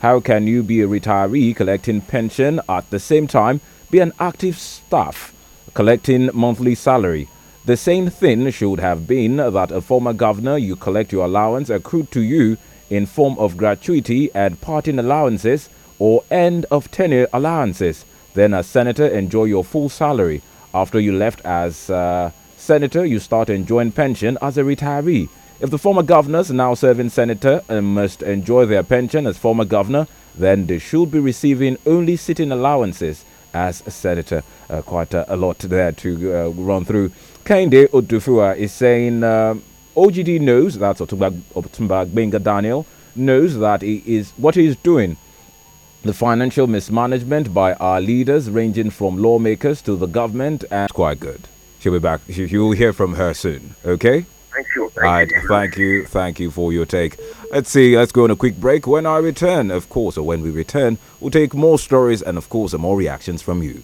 How can you be a retiree collecting pension at the same time be an active staff collecting monthly salary? The same thing should have been that a former governor you collect your allowance accrued to you in form of gratuity and parting allowances or end of tenure allowances. Then as senator enjoy your full salary. After you left as uh, senator you start enjoying pension as a retiree. If the former governors, now serving senator, must enjoy their pension as former governor, then they should be receiving only sitting allowances as senator. Uh, quite a, a, lot there to uh, run through. Kende Odufua is saying uh, OGD knows, that's Otumba Benga Daniel, knows that he is what he is doing. The financial mismanagement by our leaders, ranging from lawmakers to the government, and quite good. She'll be back. You'll hear from her soon. Okay. Thank you. Thank All right. You. Thank you. Thank you for your take. Let's see. Let's go on a quick break. When I return, of course, or when we return, we'll take more stories and, of course, more reactions from you.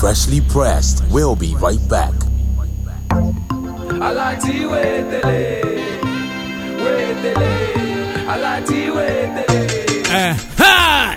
Freshly pressed. We'll be right back. I like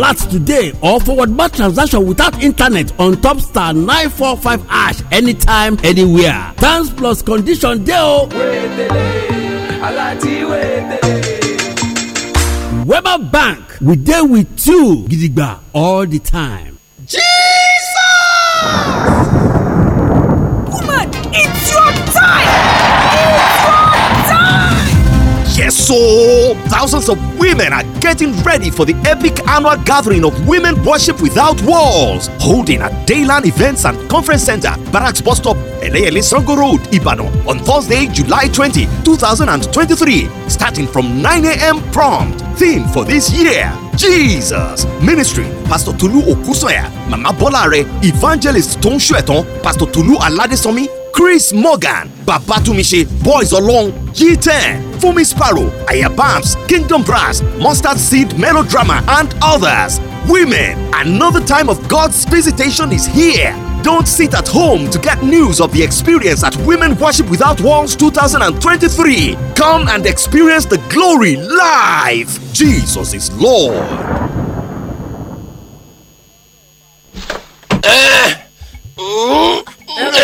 alert today or forward bar transaction without internet on top star 945 ash anytime anywhere. Thanks plus condition dey o. Weber Bank, we dey with you gidigba all the time. Jesus! Woman, it's your time! Yes, so thousands of women are getting ready for the epic annual gathering of Women Worship Without Walls, holding at Dayland Events and Conference Center, Barracks Bus Stop, Eleyele Sango Road, Ibadan, on Thursday, July 20, 2023, starting from 9 a.m. prompt. Theme for this year Jesus Ministry Pastor Tolu Okusoya, Mama Bolare, Evangelist Tonshu Eton, Pastor Tolu Aladesomi, chris morgan babatunmise boys Along, g g10 fumi sparrow ayabams kingdom brass mustard seed melodrama and others women another time of god's visitation is here don't sit at home to get news of the experience at Women Worship Without Walls 2023. Come and experience the glory live. Jesus is Lord. Uh, ẹran wo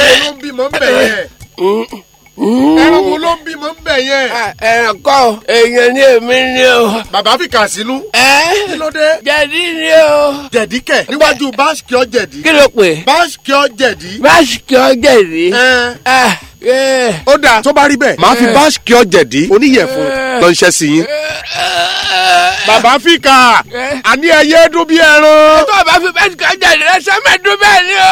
ló ń bímọ ń bẹ̀ yẹn ẹran wo ló ń bímọ ń bẹ̀ yẹn. Ah, ẹran kọ́ èèyàn ni èmi ni o. bàbá fi kà sínú. ẹ kí ló dé. jẹ̀dí ni o. jẹ̀dí kẹ̀ níwájú báṣkìọ́ jẹ̀dí. kí ló pè. báṣkìọ́ jẹ̀dí. báṣkìọ́ jẹ̀dí. ó dáa tó bá rí bẹ́ẹ̀ máa fi báṣkìọ́ jẹ̀dí oníyẹ̀fun lọ́nṣẹ́ sí yín bàbá fìkà àní ẹyẹ dún bí ẹran. tó o bá fi bẹ́ẹ̀ kọjá ìrẹsẹ̀ mẹ́ẹ̀ẹ́dún bẹ́ẹ̀ ni o.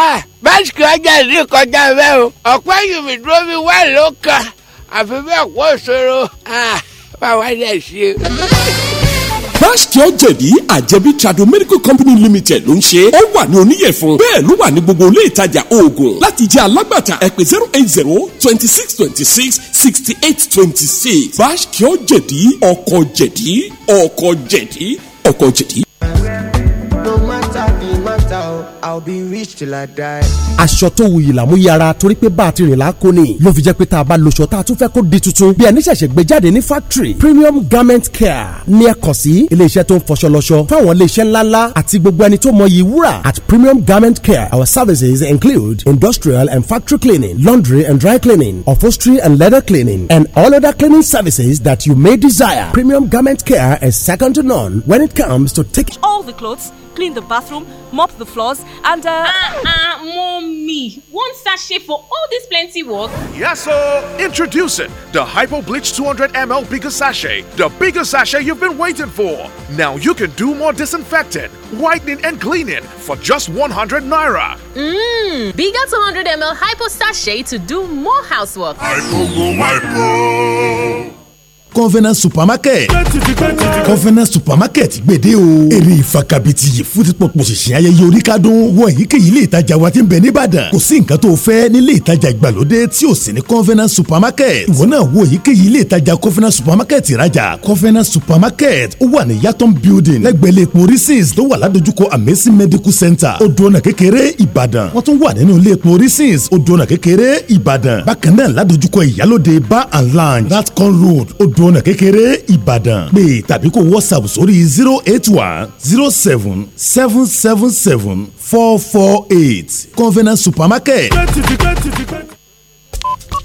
Ah, báṣìkì ọjà ìdí kọjá bẹ́ẹ̀ o ọ̀pọ̀ ẹ̀yìn mi dúró mi wá ló kan àfi bẹ́ẹ̀ kó ṣòro ah, bá wá dẹ̀ ṣe. Báṣkì ọ̀jẹ̀bí àjẹbí Trado Medical Company Limited ló ń ṣe. Ó wà ní oníyẹ̀fun. Bẹ́ẹ̀ ló wà ní gbogbo ilé ìtajà oògùn. Láti jẹ́ alágbàtà ẹ zero eight zero twenty six twenty six sixty eight twenty six. Báṣkì ọ̀jẹ̀bí ọkọ̀ jẹ̀dí ọkọ̀ jẹ̀dí ọkọ̀ jẹ̀dí. I'll be rich till I die. aṣọ tó wuyì làmúyára torí pé bá a ti rìn láko ni ló fi jẹ́ pé tá a bá lòṣọ tá a tún fẹ́ kó di tuntun bí ẹni ṣẹ̀ṣẹ̀ gbé jáde ní factory premium garment care ní ẹ kàn sí iléeṣẹ́ tó ń fọṣọ lọ́ṣọ fáwọn iléeṣẹ́ ńláńlá àti gbogbo ẹni tó mọyì wúrà at premium garment care our services include industrial and factory cleaning laundry and dry cleaning upholstery and leather cleaning and all other cleaning services that you may desire premium garment care is second to none when it comes to taking all the clothes clean the bathroom, mop the floors, and uh. Ah, ah mommy. One sachet for all this plenty work. Yes, sir. Introducing the Hypo Bleach 200 ml bigger sachet. The bigger sachet you've been waiting for. Now you can do more disinfecting, whitening, and cleaning for just 100 naira. Mmm. Bigger 200 ml Hypo sachet to do more housework. Hypo, go, hypo. convenience supermarket convenience supermarket gbèdé o èrè ìfakabiti yìí fún títọ́ pòṣìṣì ayẹyẹ oríkádún wọ èyíkéyìí ilé ìtajà wa ti ń bẹ nìbàdàn kò sí nǹkan tó fẹ́ nílé ìtajà ìgbàlódé tí ò sí ní convenience supermarket ìwọ náà wo èyíkéyìí ilé ìtajà convenience supermarket ìrajà convenience supermarket ó wà ní yàtọ̀m building lẹ́gbẹ̀lẹ́ epo reasons tó wà ládojúkọ amesi medical center odòọ̀nà kékeré ìbàdàn wọ́n tún wà nínú ilé epo reasons odòọ̀nà kékeré ìbàdàn bákan náà ládojúkọ ìyálòde bar and lounge ratcon road odò ònà kékeré ìbàdàn pé tàbí kó whatsapp sórí zero eight one zero seven seven seven seven four four eight convenience supermarket.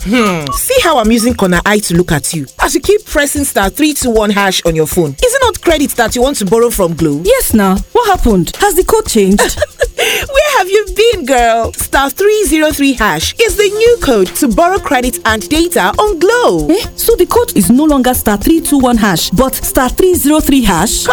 Hmm. See how I'm using Connor Eye to look at you. As you keep pressing star 321 hash on your phone, is it not credit that you want to borrow from Glow? Yes, now. What happened? Has the code changed? Where have you been, girl? Star 303 hash is the new code to borrow credit and data on Glow. Eh? So the code is no longer star 321 hash, but star 303 hash?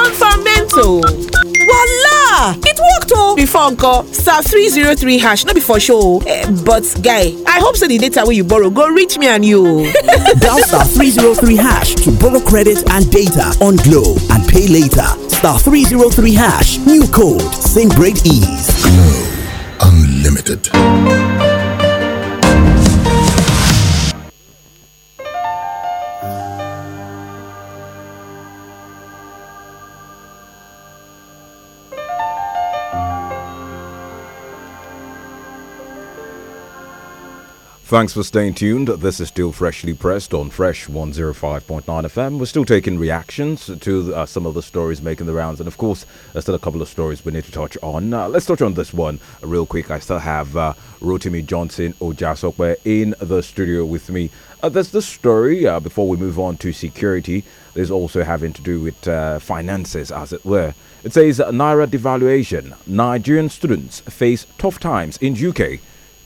mental. Voila! It worked, oh! Before Uncle, star 303 hash, not before show. Oh. Eh, but, guy, I hope so the data where you borrow go reach me and you. Dial star 303 hash to borrow credit and data on Glow and pay later. Star 303 hash, new code same great ease. Glow Unlimited. Thanks for staying tuned. This is still freshly pressed on Fresh 105.9 FM. We're still taking reactions to uh, some of the stories making the rounds, and of course, there's still a couple of stories we need to touch on. Uh, let's touch on this one real quick. I still have uh, Rotimi Johnson Ojasokwe in the studio with me. Uh, there's the story uh, before we move on to security. There's also having to do with uh, finances, as it were. It says Naira devaluation. Nigerian students face tough times in UK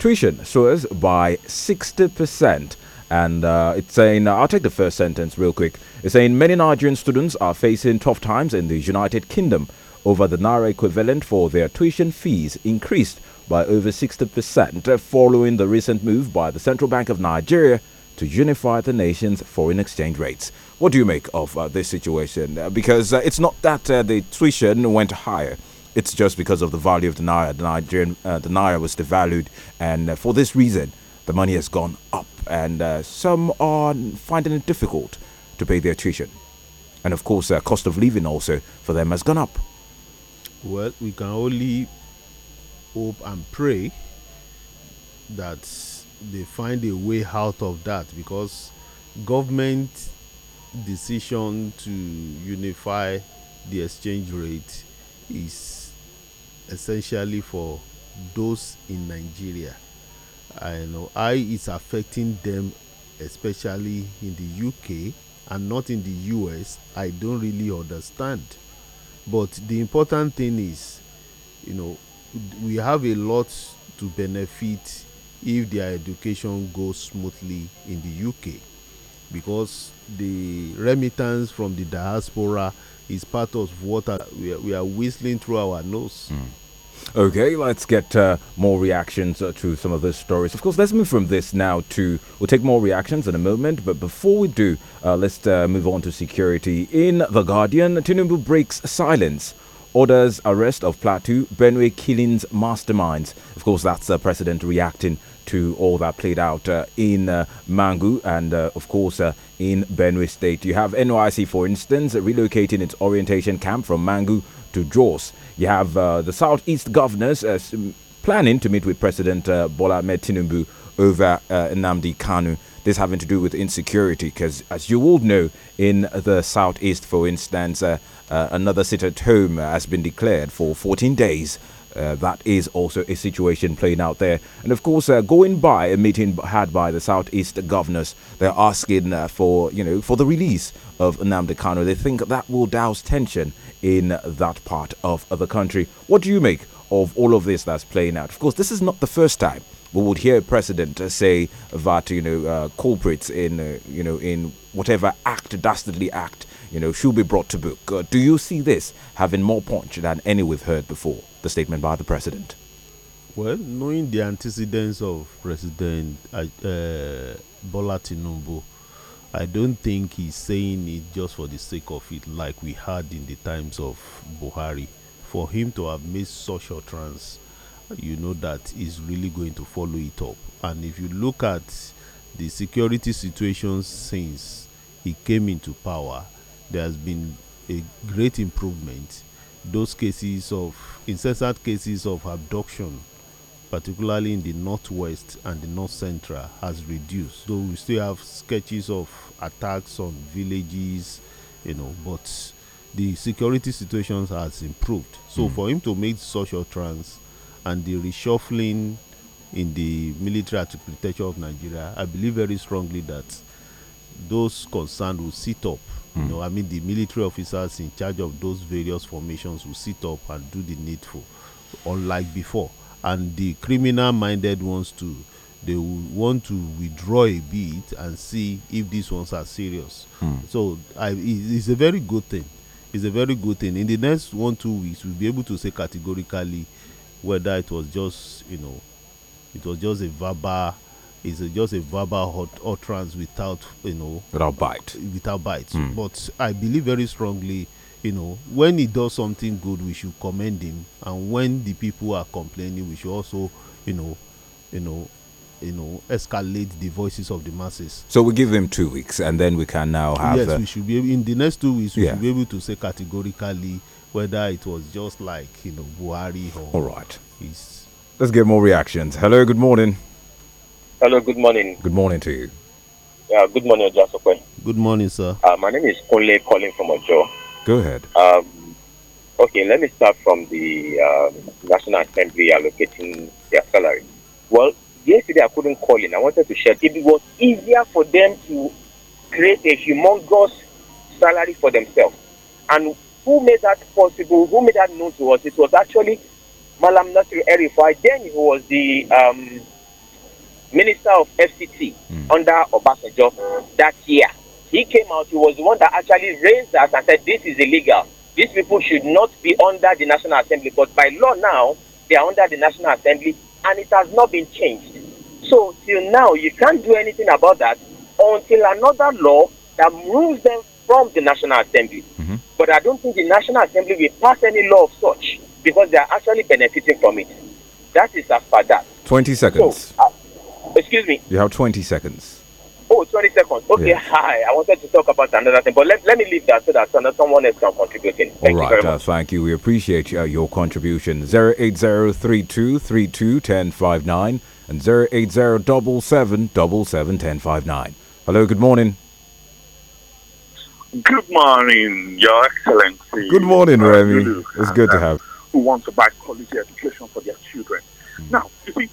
tuition soars by 60%. And uh, it's saying, I'll take the first sentence real quick. It's saying many Nigerian students are facing tough times in the United Kingdom over the Naira equivalent for their tuition fees increased by over 60% following the recent move by the Central Bank of Nigeria to unify the nation's foreign exchange rates. What do you make of uh, this situation? Uh, because uh, it's not that uh, the tuition went higher it's just because of the value of the naira. The Nigerian uh, the naira was devalued, and uh, for this reason, the money has gone up, and uh, some are finding it difficult to pay their tuition, and of course, the cost of living also for them has gone up. Well, we can only hope and pray that they find a way out of that because government decision to unify the exchange rate is essentially for those in Nigeria. I know how it's affecting them, especially in the UK and not in the US. I don't really understand. But the important thing is, you know, we have a lot to benefit if their education goes smoothly in the UK because the remittance from the diaspora is part of water we are, we are whistling through our nose. Mm. Okay, let's get uh, more reactions uh, to some of those stories. Of course, let's move from this now to we'll take more reactions in a moment. But before we do, uh, let's uh, move on to security. In the Guardian, Tinubu breaks silence. Orders arrest of Plateau, Benue killings masterminds. Of course, that's the president reacting to all that played out uh, in uh, Mangu and, uh, of course, uh, in Benue State. You have NYC, for instance, relocating its orientation camp from Mangu to Jos. You have uh, the Southeast governors uh, planning to meet with President Bola Ahmed Tinubu over Namdi Kanu. This having to do with insecurity, because as you all know, in the Southeast, for instance, another sit at home has been declared for 14 days uh, that is also a situation playing out there. And of course, uh, going by a meeting had by the Southeast governors, they're asking uh, for, you know, for the release of Nnamdi Kano. They think that will douse tension in that part of, of the country. What do you make of all of this that's playing out? Of course, this is not the first time we would hear a president uh, say that, you know, uh, culprits in, uh, you know, in whatever act, dastardly act you know, she'll be brought to book. Uh, do you see this having more punch than any we've heard before? The statement by the president. Well, knowing the antecedents of President uh, uh Bola I don't think he's saying it just for the sake of it, like we had in the times of Buhari. For him to have made such trans, you know that he's really going to follow it up. And if you look at the security situation since he came into power, there has been a great improvement. Those cases of incessant cases of abduction, particularly in the northwest and the north central, has reduced. Though we still have sketches of attacks on villages, you know, but the security situation has improved. So mm. for him to make such utterance and the reshuffling in the military architecture of Nigeria, I believe very strongly that those concerned will sit up. Mm. You hmm. know, I mean, the military officers in charge of those various formations will sit up and do the needful, unlike before. And the criminal-minded ones too, they will want to withdraw a bit and see if these ones are serious. Mm. So, I, it's a very good thing. It's a very good thing. In the next one two weeks, we'll be able to say categorically whether it was just you know, it was just a verbal is a, just a verbal utterance without you know without bite without bite mm. but i believe very strongly you know when he does something good we should commend him and when the people are complaining we should also you know you know you know escalate the voices of the masses. So we give him two weeks, and then we can now have. Yes, we should be able, in the next two weeks. We yeah. should be able to say categorically whether it was just like you know Buhari or. All right. Let's get more reactions. Hello. Good morning. Hello, good morning. Good morning to you. Yeah, good morning, Ojasope. Good morning, sir. Uh, my name is Kunle calling from Ojo. Go ahead. Um, okay, let me start from the um, National Assembly allocating their salary. Well, yesterday I couldn't call in. I wanted to share. It was easier for them to create a humongous salary for themselves. And who made that possible? Who made that known to us? It was actually Malam Nasir Erifai. Then he was the um, minister of FCT mm. under Obasanjo that year. He came out, he was the one that actually raised that and said, This is illegal. These people should not be under the National Assembly. But by law now, they are under the National Assembly and it has not been changed. So till now, you can't do anything about that until another law that moves them from the National Assembly. Mm -hmm. But I don't think the National Assembly will pass any law of such because they are actually benefiting from it. That is as far that. 20 seconds. So, uh, Excuse me. You have 20 seconds. Oh, 20 seconds. Okay, yes. hi. I wanted to talk about another thing, but let, let me leave that so that someone else can contribute in. Thank All right, you uh, thank you. We appreciate uh, your contribution. 08032321059 and 08077771059. Hello, good morning. Good morning, Your Excellency. Good morning, Remy. It's good to have. Who want to buy quality education for their children. Mm. Now, you see,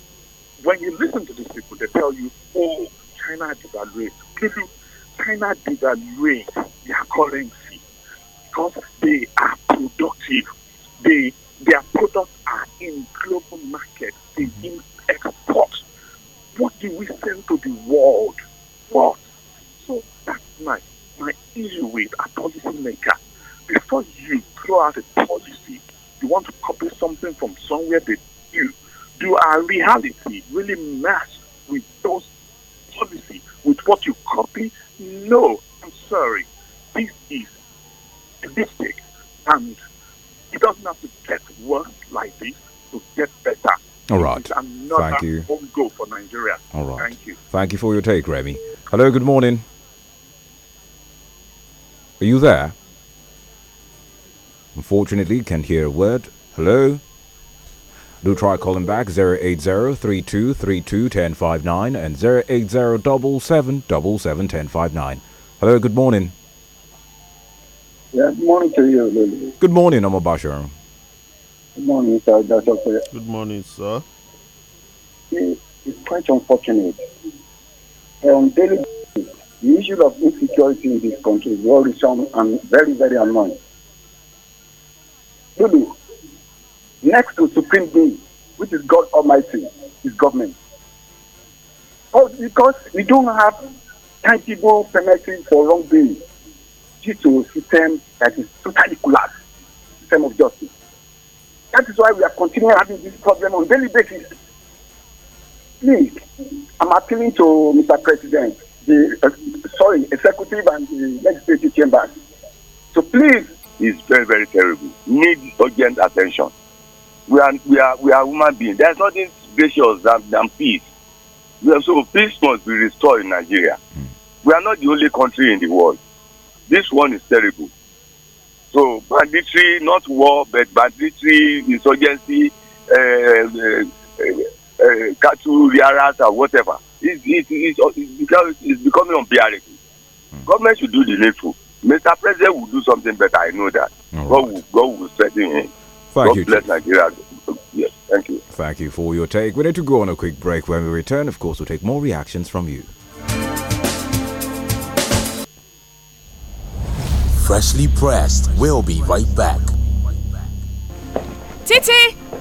when you listen to these people, they tell you, oh, China devaluates. People, China devaluates their currency because they are productive. They their products are in global markets. They mm-hmm. in export. What do we send to the world? What? So that's my my issue with a policymaker. Before you throw out a policy, you want to copy something from somewhere they do do our reality really match with those policy, with what you copy? No, I'm sorry. This is sadistic and it doesn't have to get worse like this to get better. All right. Thank you. Home for Nigeria. All right. Thank you. Thank you for your take, Remy. Hello, good morning. Are you there? Unfortunately, can't hear a word. Hello? Do try calling back 080-3232-1059 and 080-777-1059. Hello, good morning. Yeah, good morning to you, Lily. Good morning, I'm Abashir. Good morning, sir. That's okay. Good morning, sir. It's quite unfortunate. On um, daily basis, the issue of insecurity in this country is worrisome and very, very annoying. Lulu, next to supreme being, which is God Almighty, is government. But because we don't have tangible penalty for wrongdoing due to a system that is totally collapsed, system of justice. That is why we are continuing having this problem on daily basis. Please, I'm appealing to Mr. President, the uh, sorry, executive and the legislative chamber. So please, it's very very terrible. Need urgent attention we are we are we are human beings there is nothing gracious than than peace so peace must be restored in nigeria hmm. we are not the only country in the world this one is terrible so banditry not war but banditry insurgency uh, uh, uh, cattle rearers whatever it it it it's becoming unbearable hmm. government should do the needful mr president will do something better i know that right. god will god will strengthen him Thank God you. Bless Nigeria. Yes, thank you. Thank you for your take. We need to go on a quick break. When we return, of course, we'll take more reactions from you. Freshly pressed. We'll be right back. Titi!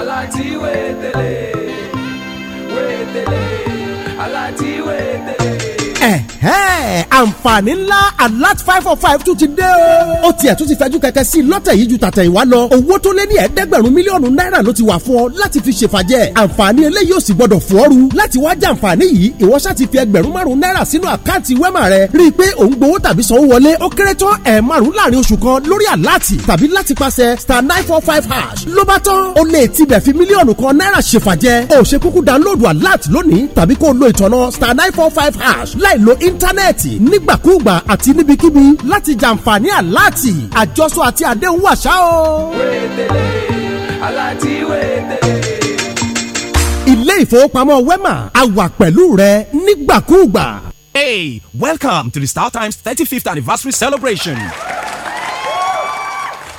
alati wetele wetele alati wetele. àǹfààní ńlá alert five four oh five tún ti dé o. ó tiẹ̀ tún ti fẹ́jú kẹ̀kẹ́ sí i lọ́tẹ̀ yìí ju tàtẹ̀ ìwá lọ. owó tó lé ní ẹ̀ẹ́dẹ́gbẹ̀rún mílíọ̀nù náírà ló ti wà fún ọ láti fi ṣèfàjẹ́. àǹfààní eléyìí ò sì gbọdọ̀ fọ́ọ̀rù. láti wá jẹ àǹfààní yìí ìwọ ṣáà ti fi ẹgbẹ̀rún márùn-ún náírà sínú àkáǹtì wẹ́mà rẹ. rí i pé ò ń gbowó tàbí sanwó wọlé ó kéré tán ẹ̀ márùn-ún láàrin star nine four five hash. ló bá tán o lè tibẹ̀ fi mílíọ̀nù kan náírà ṣèfàjẹ́. o ṣe kúkú dáńlóòdù star nine four five hash láì láìlo íńtánẹ́ẹ̀tì nígbàkúùgbà àti níbikíbi láti jàǹfààní àláàtì àjọsọ àti àdéhùn àṣà o. wẹ́ẹ́dẹ̀lẹ̀ aláàtì wẹ́ẹ́dẹ̀lẹ̀ ilé ìfowópamọ́ wema a wà pẹ̀lú rẹ nígbàkúùgbà. Hey, welcome to the Star Times 35th anniversary celebration.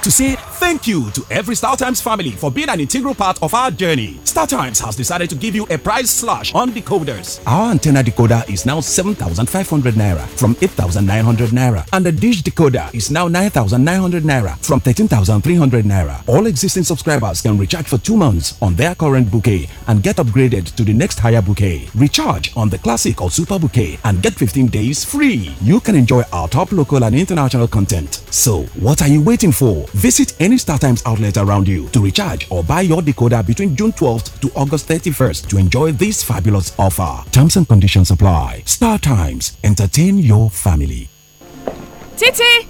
to say Thank you to every StarTimes family for being an integral part of our journey. StarTimes has decided to give you a price slash on decoders. Our antenna decoder is now 7,500 naira from 8,900 naira, and the dish decoder is now 9,900 naira from 13,300 naira. All existing subscribers can recharge for two months on their current bouquet and get upgraded to the next higher bouquet. Recharge on the classic or super bouquet and get 15 days free. You can enjoy our top local and international content. So, what are you waiting for? Visit any StarTimes outlet around you to recharge or buy your decoder between June 12th to August 31st to enjoy this fabulous offer. Terms and conditions apply. StarTimes, entertain your family. Titi!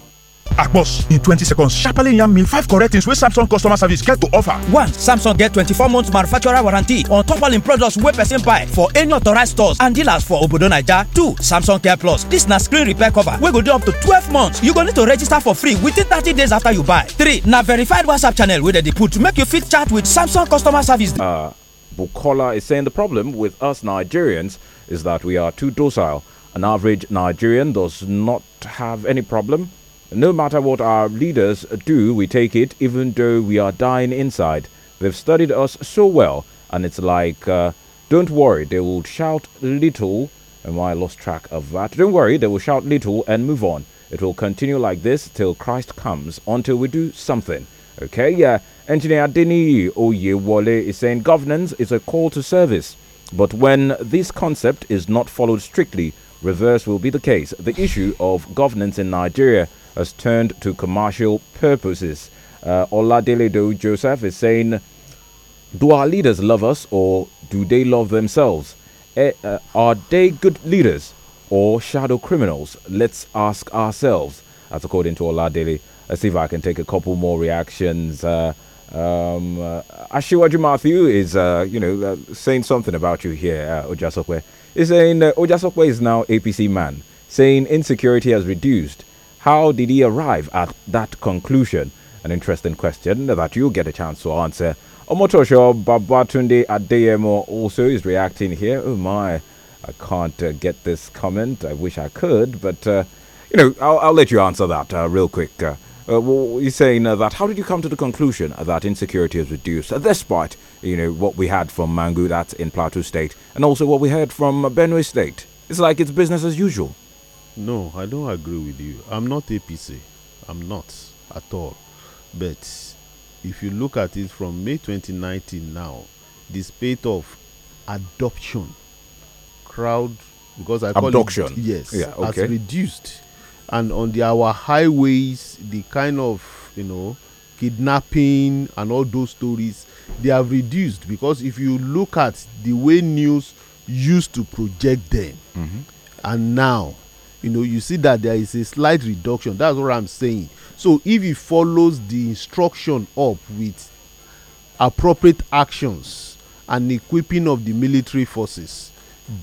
Akpos in 20 seconds sharply yam me five correct things wey samsung customer service get to offer one samsung get 24 month manufacturer warranty on top all in products we person buy for any authorized stores and dealers for obodo naija two samsung care plus This na screen repair cover we go do up to 12 months you go need to register for free within 30 days after you buy three na verified whatsapp channel with dem dey put make you fit chat with samsung customer service. Uh, bukola is saying the problem with us nigerians is that we are too docile an average nigerian does not have any problem no matter what our leaders do, we take it, even though we are dying inside. They've studied us so well, and it's like, uh, don't worry, they will shout little. And why I lost track of that. Don't worry, they will shout little and move on. It will continue like this till Christ comes, until we do something. Okay, yeah. Engineer Dini Oyewole is saying governance is a call to service. But when this concept is not followed strictly, reverse will be the case. The issue of governance in Nigeria has turned to commercial purposes. Uh, Oladele Do Joseph is saying, Do our leaders love us or do they love themselves? Eh, uh, are they good leaders or shadow criminals? Let's ask ourselves. That's according to Oladele. Let's see if I can take a couple more reactions. Uh, um, uh, Ashiwaju Matthew is, uh, you know, uh, saying something about you here, uh, Ojasokwe. He's saying uh, Ojasokwe is now APC man, saying insecurity has reduced how did he arrive at that conclusion? An interesting question that you will get a chance to answer. Omotosho Babatunde Adeyemo also is reacting here. Oh my, I can't uh, get this comment. I wish I could, but uh, you know, I'll, I'll, let you answer that uh, real quick. Uh, uh, well, you're saying uh, that how did you come to the conclusion that insecurity is reduced despite you know what we had from Mangu that's in Plateau State and also what we heard from Benue State? It's like it's business as usual. No, I don't agree with you. I'm not APC. I'm not at all. But if you look at it from May 2019 now, the spate of adoption, crowd, because I call abduction. It, yes, yeah, okay. has reduced, and on the our highways, the kind of you know kidnapping and all those stories, they have reduced because if you look at the way news used to project them, mm -hmm. and now you know you see that there is a slight reduction that's what i'm saying so if he follows the instruction up with appropriate actions and equipping of the military forces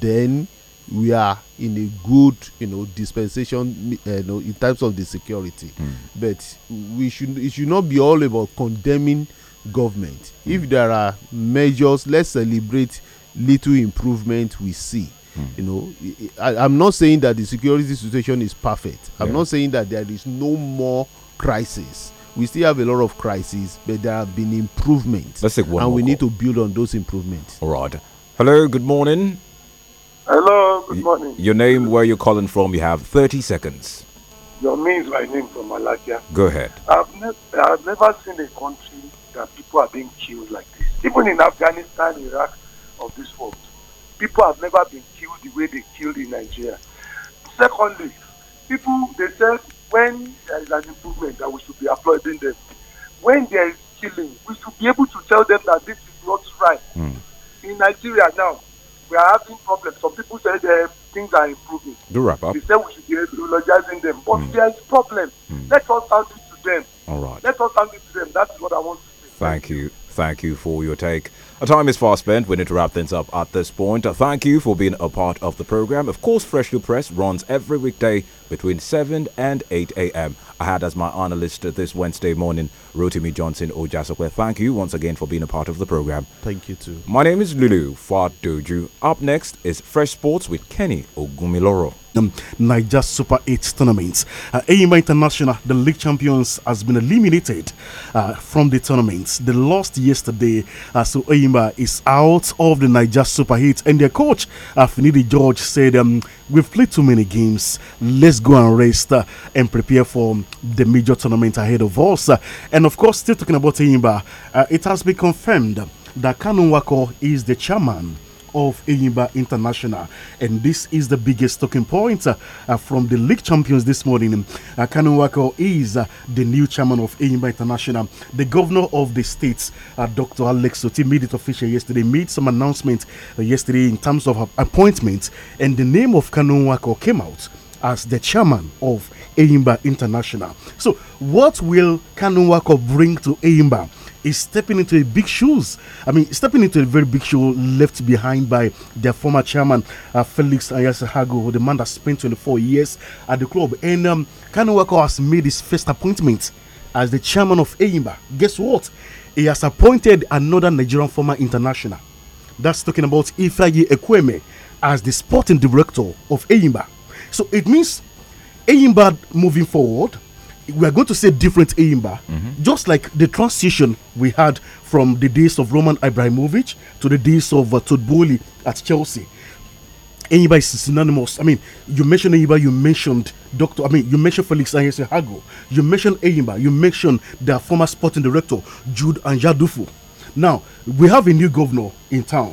then we are in a good you know dispensation uh, you know, in terms of the security mm. but we should it should not be all about condemning government mm. if hmm. there are measures let's celebrate little improvement we see you know, I, am not saying that the security situation is perfect. I'm yeah. not saying that there is no more crisis. We still have a lot of crises, but there have been improvements. Let's take one And we call. need to build on those improvements. All right. Hello, good morning. Hello, good morning. Y your name, where you're calling from, you have 30 seconds. Your name is my name from Malakia. Go ahead. I've, ne I've never seen a country that people are being killed like this. Even in Afghanistan, Iraq, of this world people have never been killed the way they killed in Nigeria. Secondly, people they said when there is an improvement that we should be applauding them. When there is killing, we should be able to tell them that this is not right. Mm. In Nigeria now, we are having problems. Some people say that eh, things are improving. Do wrap up. They say we should be eulogizing them, but mm. there is problem. Mm. Let us sound it to them. All right. Let us sound it to them. That's what I want to say. Thank you. Thank you for your take. Our time is fast spent. We need to wrap things up at this point. Thank you for being a part of the program. Of course, Fresh New Press runs every weekday between 7 and 8 a.m. I had as my analyst this Wednesday morning, Rotimi Johnson Ojasokwe. Thank you once again for being a part of the program. Thank you too. My name is Lulu Doju. Up next is Fresh Sports with Kenny Ogumiloro um, Niger Super 8 tournament. Uh, AIMA International, the league champions, has been eliminated uh, from the tournament. They lost yesterday, uh, so AIMA is out of the Niger Super 8. And their coach, Afinidi uh, George, said, um, We've played too many games. Let's go and rest uh, and prepare for the major tournament ahead of us. Uh, and of course, still talking about AIMA, it has been confirmed that Wako is the chairman of Enyimba International. And this is the biggest talking point uh, uh, from the league champions this morning. Uh, Kanu Wako is uh, the new chairman of Enyimba International. The governor of the state, uh, Dr. Alex Soti, made it official yesterday, made some announcement uh, yesterday in terms of uh, appointment, and the name of Kanu Wako came out as the chairman of Eimba International. So, what will Kanunwako bring to Eimba? is stepping into a big shoes. I mean, stepping into a very big shoe left behind by their former chairman, uh, Felix Ayasahago, the man that spent 24 years at the club. And um, Kanuwako has made his first appointment as the chairman of AIMBA. Guess what? He has appointed another Nigerian former international. That's talking about Ifeanyi Ekweme as the sporting director of AIMBA. So it means AIMBA moving forward we are going to see different Eimba, mm -hmm. just like the transition we had from the days of Roman Ibrahimovic to the days of uh, at Chelsea. Enyimba is synonymous. I mean, you mentioned Enyimba, you mentioned Doctor. I mean, you mentioned Felix Ayese Hago. You mentioned Enyimba. You mentioned their former sporting director Jude Anjadufu. Now we have a new governor in town.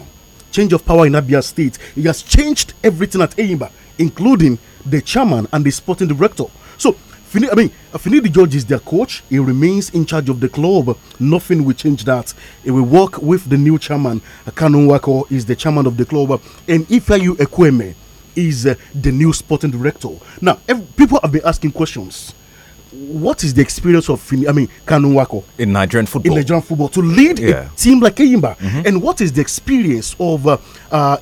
Change of power in Abia State. He has changed everything at Enyimba, including the chairman and the sporting director. So Fini, I mean, Finidi George is their coach. He remains in charge of the club. Nothing will change that. He will work with the new chairman. Kanu Wako is the chairman of the club. And Ifeyu Ekweme is uh, the new sporting director. Now, people have been asking questions. What is the experience of Fini, I mean Kanu Wako in Nigerian football? In Nigerian football to lead yeah. a team like Eyimba, mm -hmm. and what is the experience of uh, uh,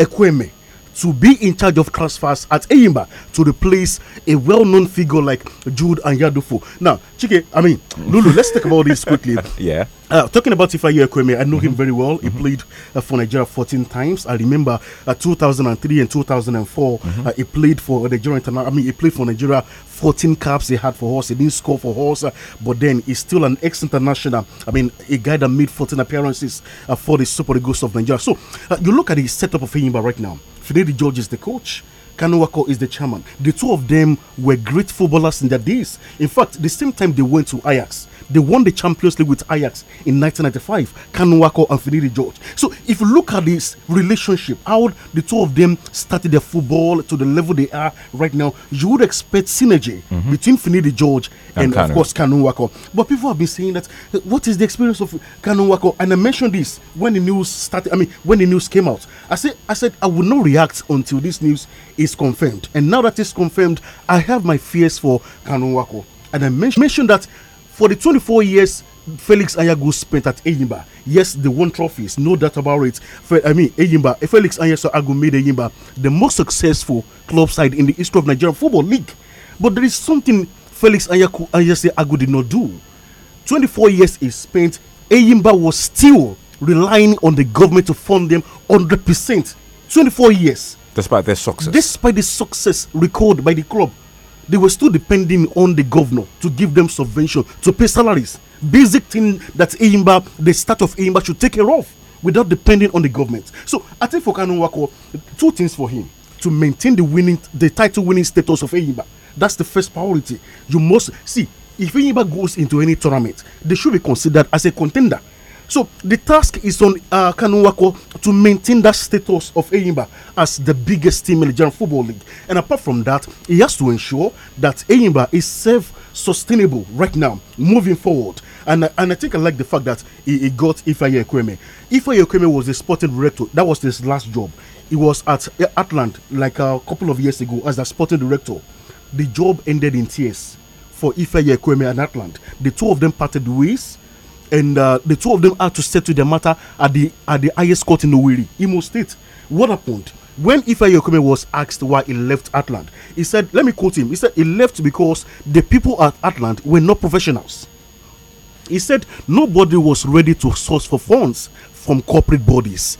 Ekweme? to be in charge of transfers at Eyimba to replace a well known figure like Jude and Yadufu. Now, Chike, I mean, Lulu, let's talk about this quickly. yeah. Uh, talking about Ifa Ekweme, I know mm -hmm. him mm-hmm. very well. He mm -hmm. played uh, for Nigeria 14 times. I remember uh, 2003 and 2004. Mm -hmm. Uh, he played for Nigeria I mean, he played for Nigeria 14 caps he had for horse. He didn't score for horse, uh, but then he's still an ex-international. I mean, a guy that made 14 appearances uh, for the Super Eagles of Nigeria. So you look at the setup of Himba right now. Finidi George is the coach. Kanuwako is the chairman. The two of them were great footballers in their days. In fact, the same time they went to Ajax, they won the Champions League with Ajax in 1995. Kanuwako and Finidi George. So if you look at this relationship, how the two of them started their football to the level they are right now, you would expect synergy mm -hmm. between Finidi George and, and of course Kanuwako. But people have been saying that uh, what is the experience of Kanuwako? And I mentioned this when the news started. I mean, when the news came out, I said I said I would not react until this news is confirmed. And now that is confirmed, I have my fears for Kanunwako. And I mentioned that for the 24 years Felix Ayagu spent at Eyimba, yes, they won trophies, no doubt about it. Fe I mean, Eyimba, Felix Ayagu made Eyimba the most successful club side in the history of Nigerian Football League. But there is something Felix Ayaku Ayagu did not do. 24 years is spent, Eyimba was still relying on the government to fund them 100%. 24 years. Despite their success. Despite the success recorded by the club, they were still depending on the governor to give them subvention to pay salaries. Basic thing that Eimba, the start of Eimba should take care of without depending on the government. So I think for Kanu Wako, two things for him to maintain the winning the title winning status of Enyimba. That's the first priority. You must see if Enyimba goes into any tournament, they should be considered as a contender. So the task is on uh, Kanuwako to maintain that status of Eyimba as the biggest team in the General Football League. And apart from that, he has to ensure that Eyimba is self sustainable right now, moving forward. And, and I think I like the fact that he, he got Ifeanyi Ekweme. Ifeanyi Ekweme was the sporting director, that was his last job. He was at uh, Atlant like a couple of years ago as the sporting director. The job ended in tears for Ifeanyi Ekweme and Atlant. The two of them parted ways and uh, the two of them had to settle the matter at the at the highest court in Oweri, Imo State. What happened? When Ife Yokome was asked why he left Atlant, he said, let me quote him. He said he left because the people at Atlant were not professionals. He said nobody was ready to source for funds from corporate bodies.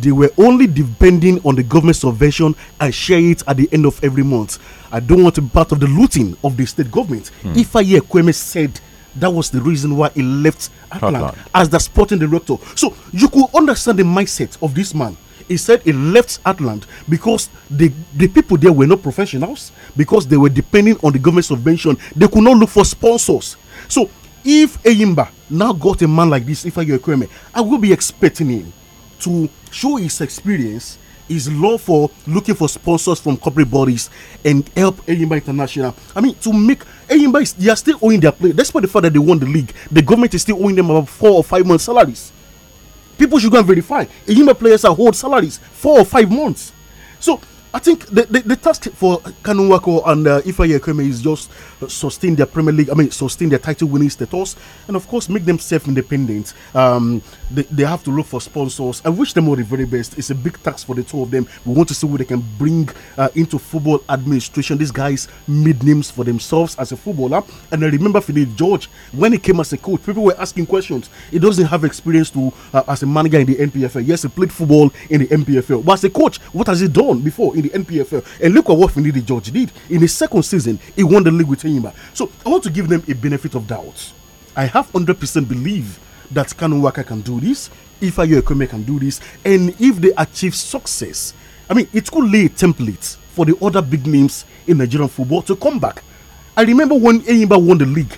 They were only depending on the government subvention I share it at the end of every month. I don't want to be part of the looting of the state government. Mm. Ifa Yekweme said that was the reason why he left Atlanta as the sporting director. So you could understand the mindset of this man. He said he left Atlanta because the, the people there were not professionals, because they were depending on the government subvention. They could not look for sponsors. So if Eyimba now got a man like this, if I get I will be expecting him to show his experience is lawful looking for sponsors from corporate bodies and help Enyimba International. I mean, to make Enyimba, they are still owing their play. Despite the fact that they won the league, the government is still owing them about four or five months' salaries. People should go and verify. Enyimba players are owed salaries four or five months. So I think the, the, the task for Wako and uh, Ifeanyi Ekeme is just uh, sustain their Premier League, I mean, sustain their title winning status, and of course, make them self independent. Um, they, they have to look for sponsors. I wish them all the very best. It's a big task for the two of them. We want to see what they can bring uh, into football administration. These guys made names for themselves as a footballer. And I remember Philip George, when he came as a coach, people were asking questions. He doesn't have experience to uh, as a manager in the NPFL. Yes, he played football in the NPFL. But as a coach, what has he done before? in the NPFL. And look at what Finidi George did. In his second season, he won the league with Enyimba. So I want to give them a benefit of doubt. I have 100% belief that Kanu Waka can do this, if Ayo Ekome can do this, and if they achieve success, I mean, it could lay a template for the other big names in Nigerian football to come back. I remember when Enyimba won the league.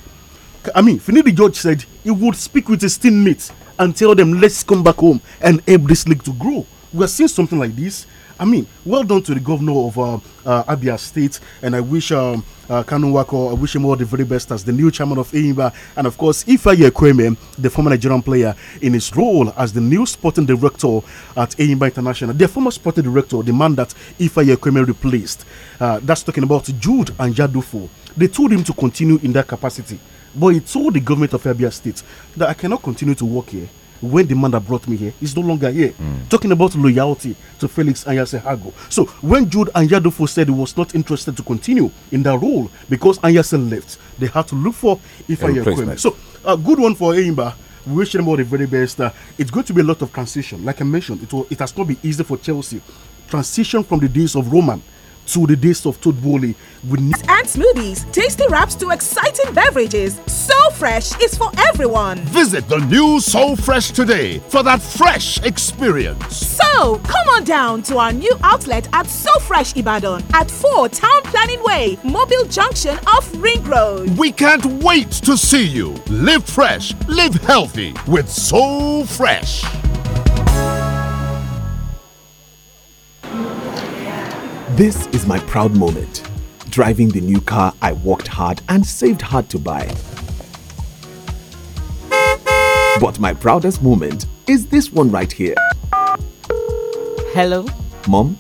I mean, Finidi George said he would speak with his teammates and tell them, let's come back home and help this league to grow. We are seeing something like this I mean, well done to the governor of uh, uh, Abia State, and I wish um, uh, Kanu Wako, I wish him all the very best as the new chairman of Eimba, and of course, Ifeanyi Kweme, the former Nigerian player, in his role as the new sporting director at Eimba International. The former sporting director, the man that Ifeanyi Kweme replaced, uh, that's talking about Jude and Jadufo. They told him to continue in that capacity, but he told the government of Abia State that I cannot continue to work here when the man that brought me here is no longer here. Mm. Talking about loyalty to Felix Anyasehago. So when Jude Anyadofo said he was not interested to continue in that role because Anyase left, they had to look for Ifeanyi Kwemi. So a good one for Eimba. We wish them all the very best. Uh, it's going to be a lot of transition. Like I mentioned, it, will, it has not been easy for Chelsea. Transition from the days of Roman to the days of Todd Bowley. With and smoothies, tasty wraps to exciting beverages. So Fresh is for everyone. Visit the new So Fresh today for that fresh experience. So, come on down to our new outlet at So Fresh Ibadan at 4 Town Planning Way, Mobile Junction off Ring Road. We can't wait to see you. Live fresh, live healthy with So Fresh. This is my proud moment. Driving the new car I worked hard and saved hard to buy. But my proudest moment is this one right here. Hello? Mom,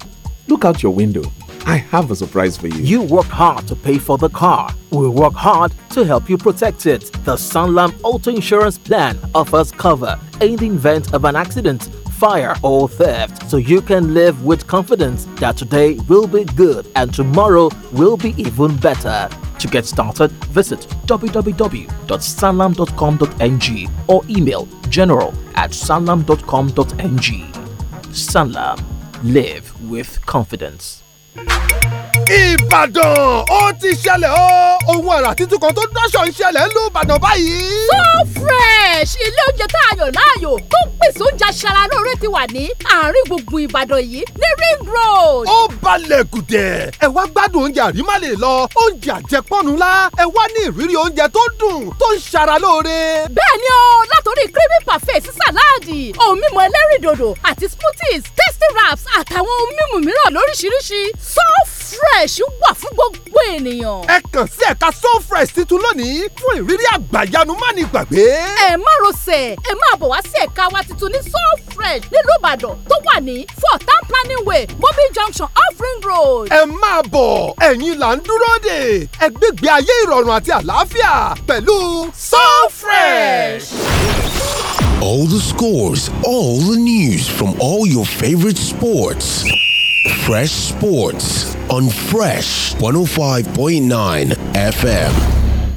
look out your window. I have a surprise for you. You worked hard to pay for the car. We work hard to help you protect it. The Sunlam Auto Insurance Plan offers cover in the event of an accident fire, or theft, so you can live with confidence that today will be good and tomorrow will be even better. To get started, visit www.sanlam.com.ng or email general at sanlam.com.ng. Sanlam. Live with confidence. ìbàdàn ó ti ṣẹlẹ̀ ó ohun àrà tuntun kan tó dọ́ṣọ̀ ń ṣẹlẹ̀ ń lu ìbàdàn báyìí. so fresh ilé oúnjẹ tá a yàn láàyò tó ń pèsè oúnjẹ aṣara lóore ti wà ní àárín gbùngbùn ìbàdàn yìí ní ring road. ó balẹ̀ gùdẹ̀ ẹ wá gbádùn oúnjẹ àrímá lè lọ oúnjẹ àjẹpọ́nu ńlá ẹ wá ní ìrírí oúnjẹ tó dùn tó ń ṣara lóore. bẹ́ẹ̀ ni o látòrí creamy parfait sí sàláàdì ohun mímu ẹlẹ́rìndòdò àti smoothies tasty wraps àtàwọn ohun mímu mìíràn lóríṣiríṣi so fresh fresh wà fún gbogbo ènìyàn. ẹ kàn sí ẹ̀ka so fresh titun lónìí fún ìrírí àgbàyanu má ní gbàgbé. ẹ má rọsẹ̀ ẹ máa bọ̀ wá sí ẹ̀ka wa titun ní so fresh nílùú ìbàdàn tó wà ní four town planning way mobil junction off ring road. ẹ máa bọ̀ ẹ̀yin là ń dúró dè ẹ ayé ìrọ̀rùn àti àlàáfíà pẹ̀lú so fresh. All the scores, all the news from all your favorite sports. Fresh Sports on Fresh 105.9 FM.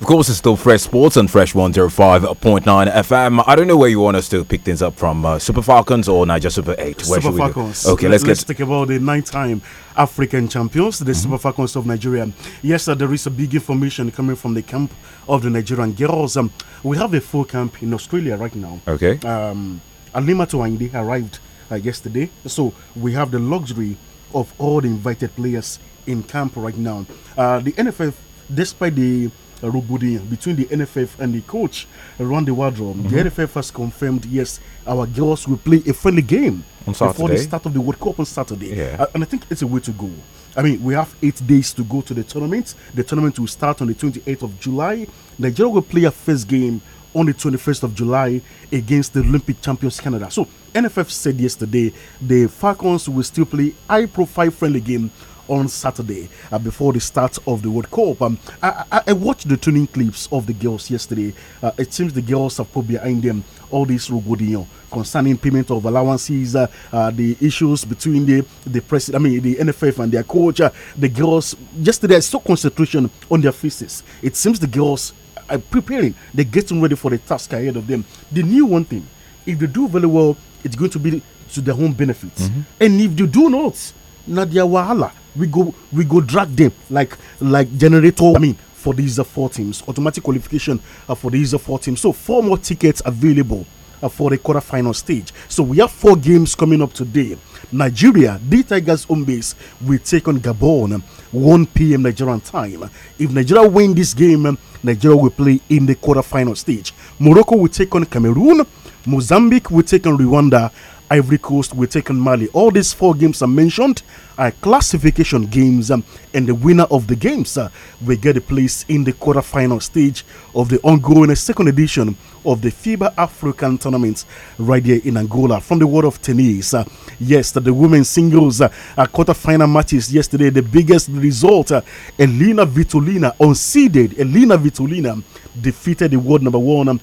Of course, it's still Fresh Sports on Fresh 105.9 FM. I don't know where you want us to pick things up from uh, Super Falcons or Niger Super 8. Where Super Falcons. Okay, let's, let's get. Let's talk about the ninth time African champions, the mm -hmm. Super Falcons of Nigeria. Yes, uh, there is a big information coming from the camp of the Nigerian girls. Um, we have a full camp in Australia right now. Okay. Um, Alima Toainde arrived uh, yesterday. So we have the luxury of all the invited players in camp right now. Uh, the NFF, despite the row between the NFF and the coach around the wardrobe, mm -hmm. the mm-hmm. NFF has confirmed yes, our girls will play a friendly game on Saturday. before the start of the World Cup on Saturday. Yeah. Uh, and I think it's a way to go. I mean, we have eight days to go to the tournament. The tournament will start on the 28th of July. Nigeria will play a first game on the 21st of July against the Olympic champions Canada. So, NFF said yesterday the Falcons will still play high profile friendly game on Saturday uh, before the start of the World Cup. Um, I, I, I, watched the tuning clips of the girls yesterday. Uh, it seems the girls have put behind them all this rogodinho concerning payment of allowances, uh, uh, the issues between the the president, I mean the NFF and their coach. Uh, the girls yesterday I saw concentration on their faces. It seems the girls are preparing, they're getting ready for the task ahead of them. They knew one thing if they do very well, it's going to be to their own benefit. Mm -hmm. And if they do not, Nadia Wahala, we go we go drag them like like generator. I mean, for these four teams, automatic qualification uh, for these four teams. So four more tickets available uh, for the quarterfinal stage. So we have four games coming up today. Nigeria, the Tigers' home base, will take on Gabon 1 p.m. Nigerian time. If Nigeria win this game, Nigeria will play in the quarterfinal stage. Morocco will take on Cameroon. Mozambique will take on Rwanda Ivory Coast will take on Mali. All these four games I mentioned are classification games, um, and the winner of the games uh, will get a place in the quarterfinal stage of the ongoing second edition of the FIBA African tournament right here in Angola. From the world of tennis, uh, yes, the, women's singles uh, quarterfinal matches yesterday, the biggest result, uh, Elena Vitolina, unseeded Elina Vitolina, defeated the world number one, Igor um,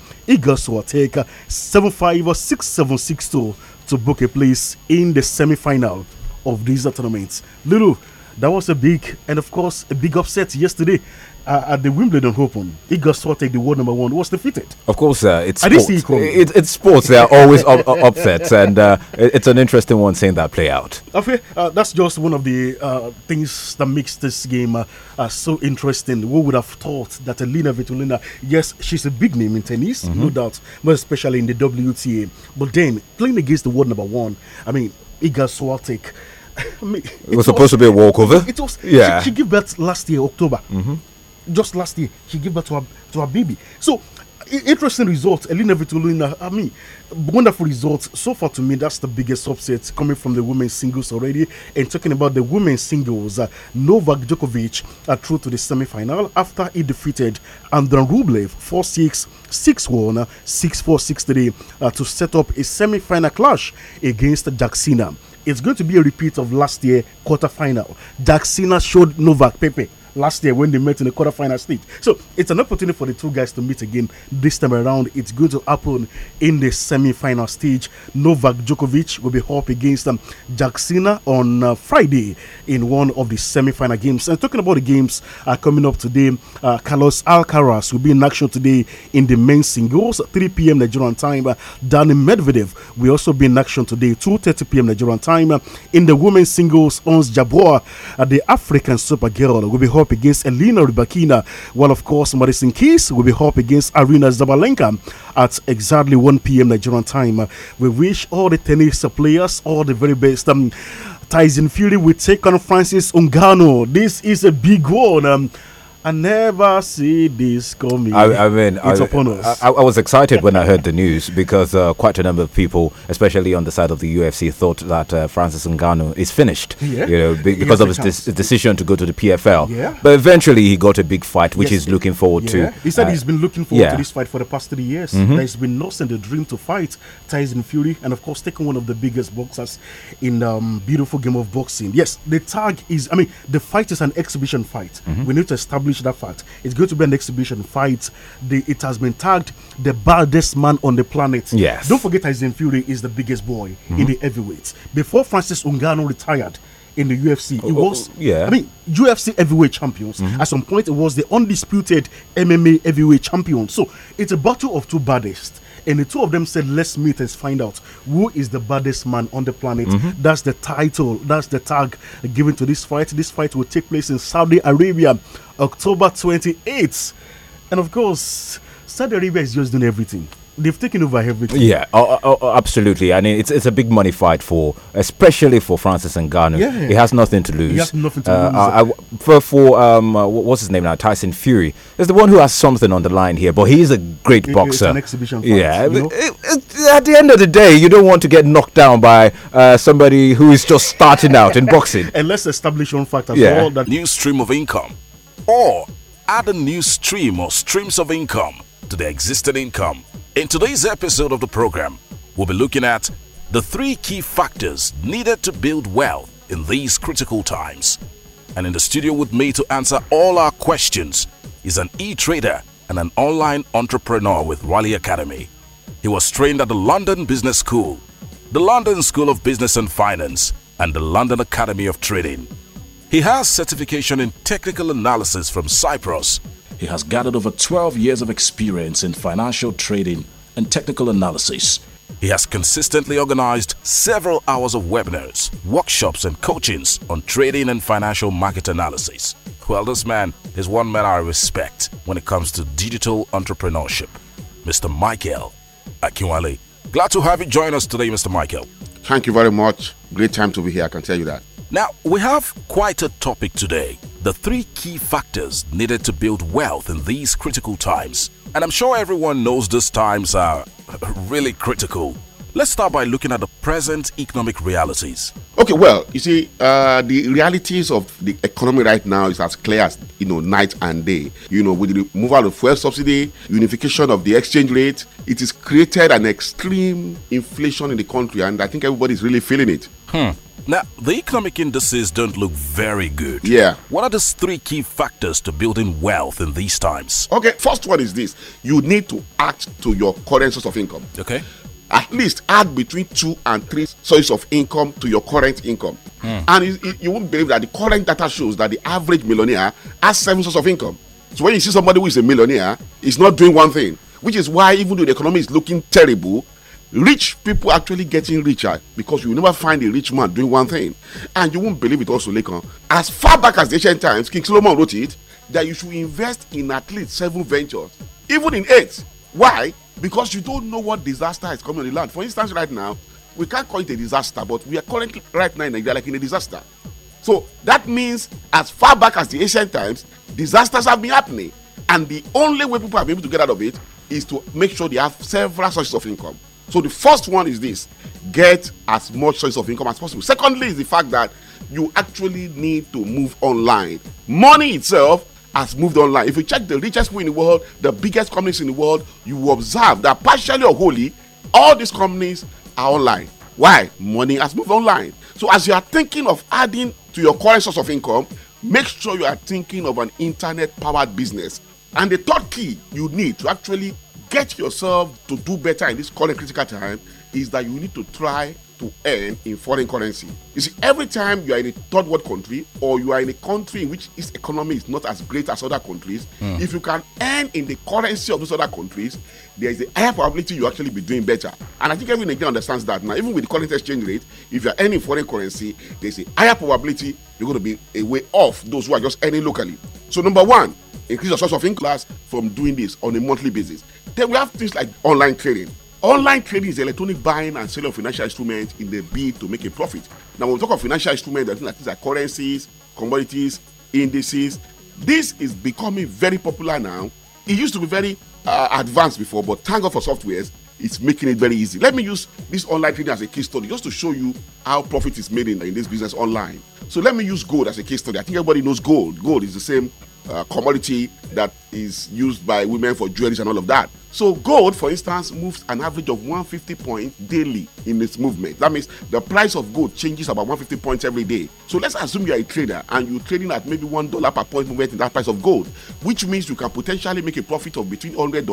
Iga Swiatek, uh, 7 5 6 7 6 2 to book a place in the semi final of these tournaments. Lulu, that was a big and, of course, a big upset yesterday uh, at the Wimbledon Open, Igor Swiatek, the world number one, was defeated. Of course, uh, it's I sports. It it, it's sports. They are always up, upsets, and uh, it, it's an interesting one seeing that play out. Okay, uh, that's just one of the uh, things that makes this game uh, so interesting. Who would have thought that Elena Vitulina? Yes, she's a big name in tennis, mm -hmm. no mm-hmm. doubt, but especially in the WTA. But then playing against the world number one, I mean, Igor Swiatek. I mean, it, was, was supposed to be a walkover. It was. Yeah. She, she gave birth last year, October. Mm -hmm just last year she gave birth to her to her baby. So interesting results. Elina Vitulina, I mean, wonderful results. So far, to me, that's the biggest upset coming from the women's singles already. And talking about the women's singles, uh, Novak Djokovic are through to the semi final after he defeated Andran Rublev 4 6, 6 1, 6 4, 6 3 uh, to set up a semi final clash against Daxina. It's going to be a repeat of last year quarter-final. Daxina showed Novak Pepe last year when they met in the quarterfinal stage. So it's an opportunity for the two guys to meet again this time around. It's going to happen in the semi-final stage. Novak Djokovic will be up against um, Jacksina on uh, Friday in one of the semi-final games. And talking about the games uh, coming up today, uh, Carlos Alcaraz will be in action today in the men's singles, 3 p.m. Nigerian time. Uh, Danny Medvedev will also be in action today, 2:30 p.m. Nigerian time. in the women's singles, Ons Jabeur, uh, the African super girl, will be up up against Elena Rybakina, while of course Madison Keys will be up against Arena Zabalenka at exactly 1 p.m. Nigerian time. We wish all the tennis players all the very best. Um, Tyson Fury will take on Francis Ungano. This is a big one. Um, I never see this coming. I, I mean, it's I, upon us. I, I, was excited when I heard the news because uh, quite a number of people, especially on the side of the UFC, thought that uh, Francis Ngannou is finished. Yeah. You know, because of his de decision to go to the PFL. Yeah. But eventually, he got a big fight, which yes. he's looking forward yeah. to. He said uh, he's been looking forward yeah. to this fight for the past three years. Mm -hmm. There's been nothing the dream to fight Tyson Fury, and of course, taking one of the biggest boxers in um, beautiful game of boxing. Yes, the tag is. I mean, the fight is an exhibition fight. Mm -hmm. We need to establish acknowledge that fact. It's going to be an exhibition fight. The, it has been tagged the baddest man on the planet. Yes. Don't forget, Tyson Fury is the biggest boy mm -hmm. in mm-hmm. the heavyweights. Before Francis Ungano retired, in the UFC. Oh, it oh, was, yeah. I mean, UFC heavyweight champions. Mm -hmm. At some point, it was the undisputed MMA heavyweight champion. So it's a battle of two baddest. And the two of them said, let's meet and find out who is the baddest man on the planet. Mm -hmm. That's the title, that's the tag given to this fight. This fight will take place in Saudi Arabia, October 28th. And of course, Saudi Arabia is just doing everything they've taken over everything. Yeah, oh, oh, oh, absolutely. I mean, it's it's a big money fight for, especially for Francis and Ghana. Yeah, He has nothing to lose. He has nothing to uh, lose. for for um, uh, what's his name now? Tyson Fury is the one who has something on the line here, but he's a great it, boxer. an exhibition. Fight, yeah. You know? it, at the end of the day, you don't want to get knocked down by uh, somebody who is just starting out in boxing. And let's establish one fact as yeah. well that new stream of income, or add a new stream or streams of income to the existing income in today's episode of the program, we'll be looking at the three key factors needed to build wealth in these critical times. And in the studio with me to answer all our questions is an e trader and an online entrepreneur with Raleigh Academy. He was trained at the London Business School, the London School of Business and Finance, and the London Academy of Trading. He has certification in technical analysis from Cyprus he has gathered over 12 years of experience in financial trading and technical analysis. He has consistently organized several hours of webinars, workshops, and coachings on trading and financial market analysis. Well, this man is one man I respect when it comes to digital entrepreneurship, Mr. Michael Akinwale. Glad to have you join us today, Mr. Michael. Thank you very much. Great time to be here, I can tell you that. Now, we have quite a topic today the three key factors needed to build wealth in these critical times. And I'm sure everyone knows these times are really critical. Let's start by looking at the present economic realities. Okay, well, you see, uh, the realities of the economy right now is as clear as you know night and day. You know, with the removal of fuel subsidy, unification of the exchange rate, it has created an extreme inflation in the country, and I think everybody's really feeling it. Hmm. Now, the economic indices don't look very good. Yeah. What are the three key factors to building wealth in these times? Okay, first one is this you need to add to your current source of income. Okay. At least add between two and three sources of income to your current income. Hmm. And you, you won't believe that the current data shows that the average millionaire has seven sources of income. So when you see somebody who is a millionaire, is not doing one thing, which is why even though the economy is looking terrible, rich people actually getting richer ah, because you will never find a rich man doing one thing and you won't believe it also later as far back as the ancient times king solomon wrote it that you should invest in at least seven ventures even in eight why because you don't know what disaster is coming on the land for instance right now we can't call it a disaster but we are currently right now in nigeria like in a disaster so that means as far back as the ancient times disasters have been happening and the only way people have been able to get out of it is to make sure they have several sources of income so the first one is this get as much source of income as possible. Secondly, is the fact that you actually need to move online. Money itself has moved online. If you check the richest people in the world, the biggest companies in the world, you will observe that partially or wholly, all these companies are online. Why? Money has moved online. So as you are thinking of adding to your current source of income, make sure you are thinking of an internet powered business and the third key you need to actually get yourself to do better in this current critical time is that you need to try to earn in foreign currency. You see, every time you are in a third world country or you are in a country in which its economy is not as great as other countries, mm. if you can earn in the currency of those other countries, there is a higher probability you actually be doing better. And I think everyone understands that now. Even with the current exchange rate, if you are earning foreign currency, there is a higher probability you're going to be a way off those who are just earning locally. So number one, increase your source of income from doing this on a monthly basis. Then we have things like online trading. Online trading is electronic buying and selling of financial instruments in the bid to make a profit. Now, when we talk of financial instruments, I think things like currencies, commodities, indices. This is becoming very popular now. It used to be very uh, advanced before, but thank God for softwares, it's making it very easy. Let me use this online trading as a case study just to show you how profit is made in, in this business online. So let me use gold as a case study. I think everybody knows gold. Gold is the same uh, commodity that is used by women for jewelry and all of that. So gold, for instance, moves an average of 150 points daily in its movement. That means the price of gold changes about 150 points every day. So let's assume you're a trader and you're trading at maybe one dollar per point movement in that price of gold, which means you can potentially make a profit of between $100 and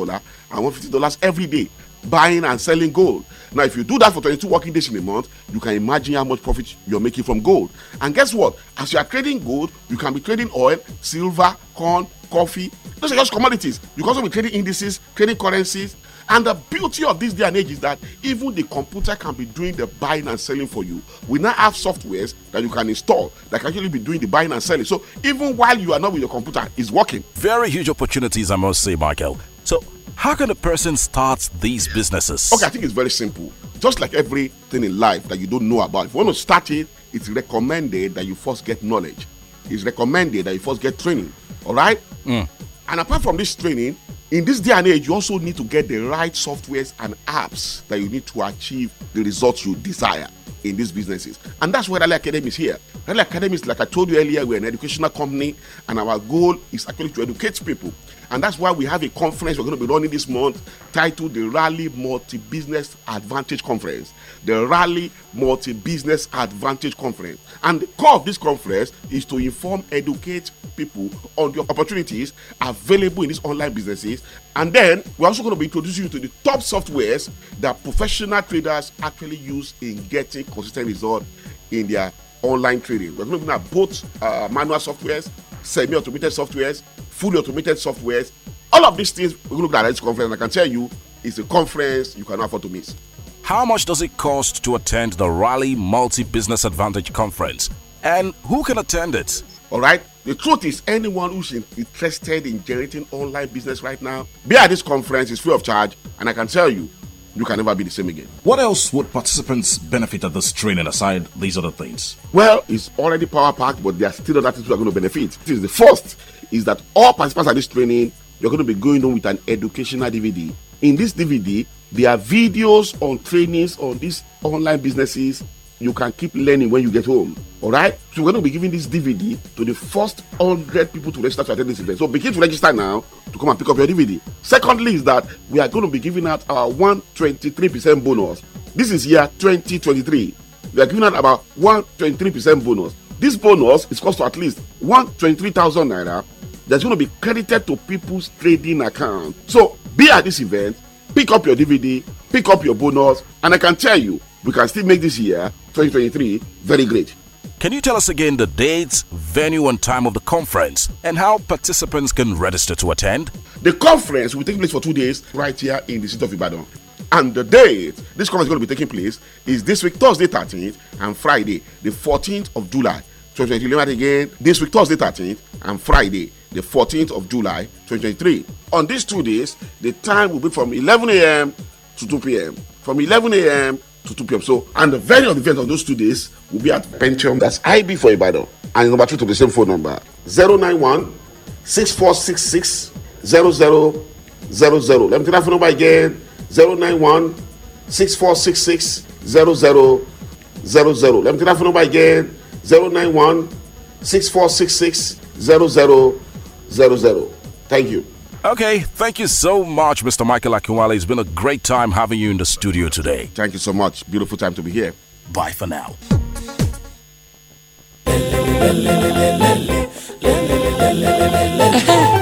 $150 every day buying and selling gold. Now, if you do that for 22 working days in a month, you can imagine how much profit you're making from gold. And guess what? As you are trading gold, you can be trading oil, silver, corn, coffee. Those are just commodities. You can also be trading indices, trading currencies. And the beauty of this day and age is that even the computer can be doing the buying and selling for you. We now have softwares that you can install that can actually be doing the buying and selling. So even while you are not with your computer, it's working. Very huge opportunities, I must say, Michael. So, how can a person start these businesses? Okay, I think it's very simple. Just like everything in life that you don't know about, if you want to start it, it's recommended that you first get knowledge. It's recommended that you first get training. All right? Mm. And apart from this training, in this day and age, you also need to get the right softwares and apps that you need to achieve the results you desire in these businesses. And that's where Rally Academy is here. Rally Academy is, like I told you earlier, we're an educational company, and our goal is actually to educate people and that's why we have a conference we're going to be running this month titled the Rally Multi Business Advantage Conference. The Rally Multi Business Advantage Conference. And the core of this conference is to inform, educate people on the opportunities available in these online businesses. And then we're also going to be introducing you to the top softwares that professional traders actually use in getting consistent results in their online trading. We're looking at both uh, manual softwares semi automated softwares, fully automated softwares. All of these things we look at this conference. I can tell you, it's a conference you cannot afford to miss. How much does it cost to attend the Raleigh Multi Business Advantage Conference? And who can attend it? All right. The truth is, anyone who's interested in generating online business right now, be at this conference is free of charge. And I can tell you, you can never be the same again. What else would participants benefit at this training aside these other things? Well, it's already power packed, but there are still other things you are going to benefit. This is the first is that all participants at this training, you're going to be going on with an educational DVD. In this DVD, there are videos on trainings on these online businesses you can keep learning when you get home. All right. So we're going to be giving this DVD to the first hundred people to register to attend this event. So begin to register now to come and pick up your DVD. Secondly, is that we are going to be giving out our 123% bonus. This is year 2023. We are giving out about 123% bonus. This bonus is cost to at least 123,000 naira. That's going to be credited to people's trading account. So be at this event, pick up your DVD, pick up your bonus, and I can tell you we can still make this year, 2023, very great. Can you tell us again the dates, venue, and time of the conference, and how participants can register to attend? The conference will take place for two days right here in the city of Ibadan. And the date this conference is going to be taking place is this week, Thursday 13th, and Friday, the 14th of July. 2023. Remember again, this week, Thursday 13th, and Friday, the 14th of July 2023. On these two days, the time will be from 11 a.m. to 2 p.m. From 11 a.m. to 2 p.m. So, and the venue of the event on those two days will be at Pentium. That's IB for Ibadan. And number two to the same phone number 091 6466 0000. Let me take that phone number again 091 6466 0000. Let me take that phone number again 091 6466 0000. Thank you. Okay, thank you so much, Mr. Michael Akinwale. It's been a great time having you in the studio today. Thank you so much. Beautiful time to be here. Bye for now.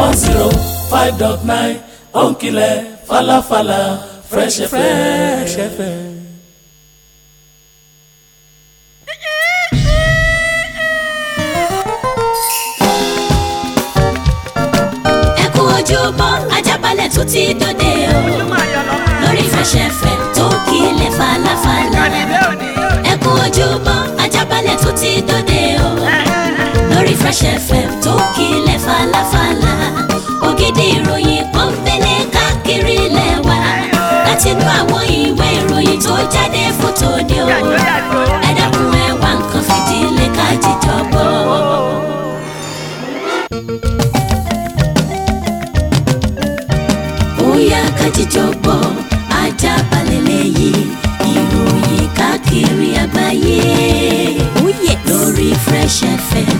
one zero five dot nine ònkìlẹ̀ falafala fresh fm. tún ti dòde o lórí fẹsẹ̀fẹ̀ tó kílẹ̀ falafala ẹkún ojúbọ Ajaabale tún ti dòde o. Fresh FM tó kílẹ̀ falafala ògidì ìròyìn kan fẹlẹ̀ káàkiri lẹ́wà láti inú àwọn ìwé ìròyìn tó jáde fótó ni o ẹ dákun ẹ wá nǹkan fìdílé ká jíjọ gbọ́. bóyá ká ajá balẹ̀ lẹ́yìn ìròyìn káàkiri àgbáyé oh lórí Fresh FM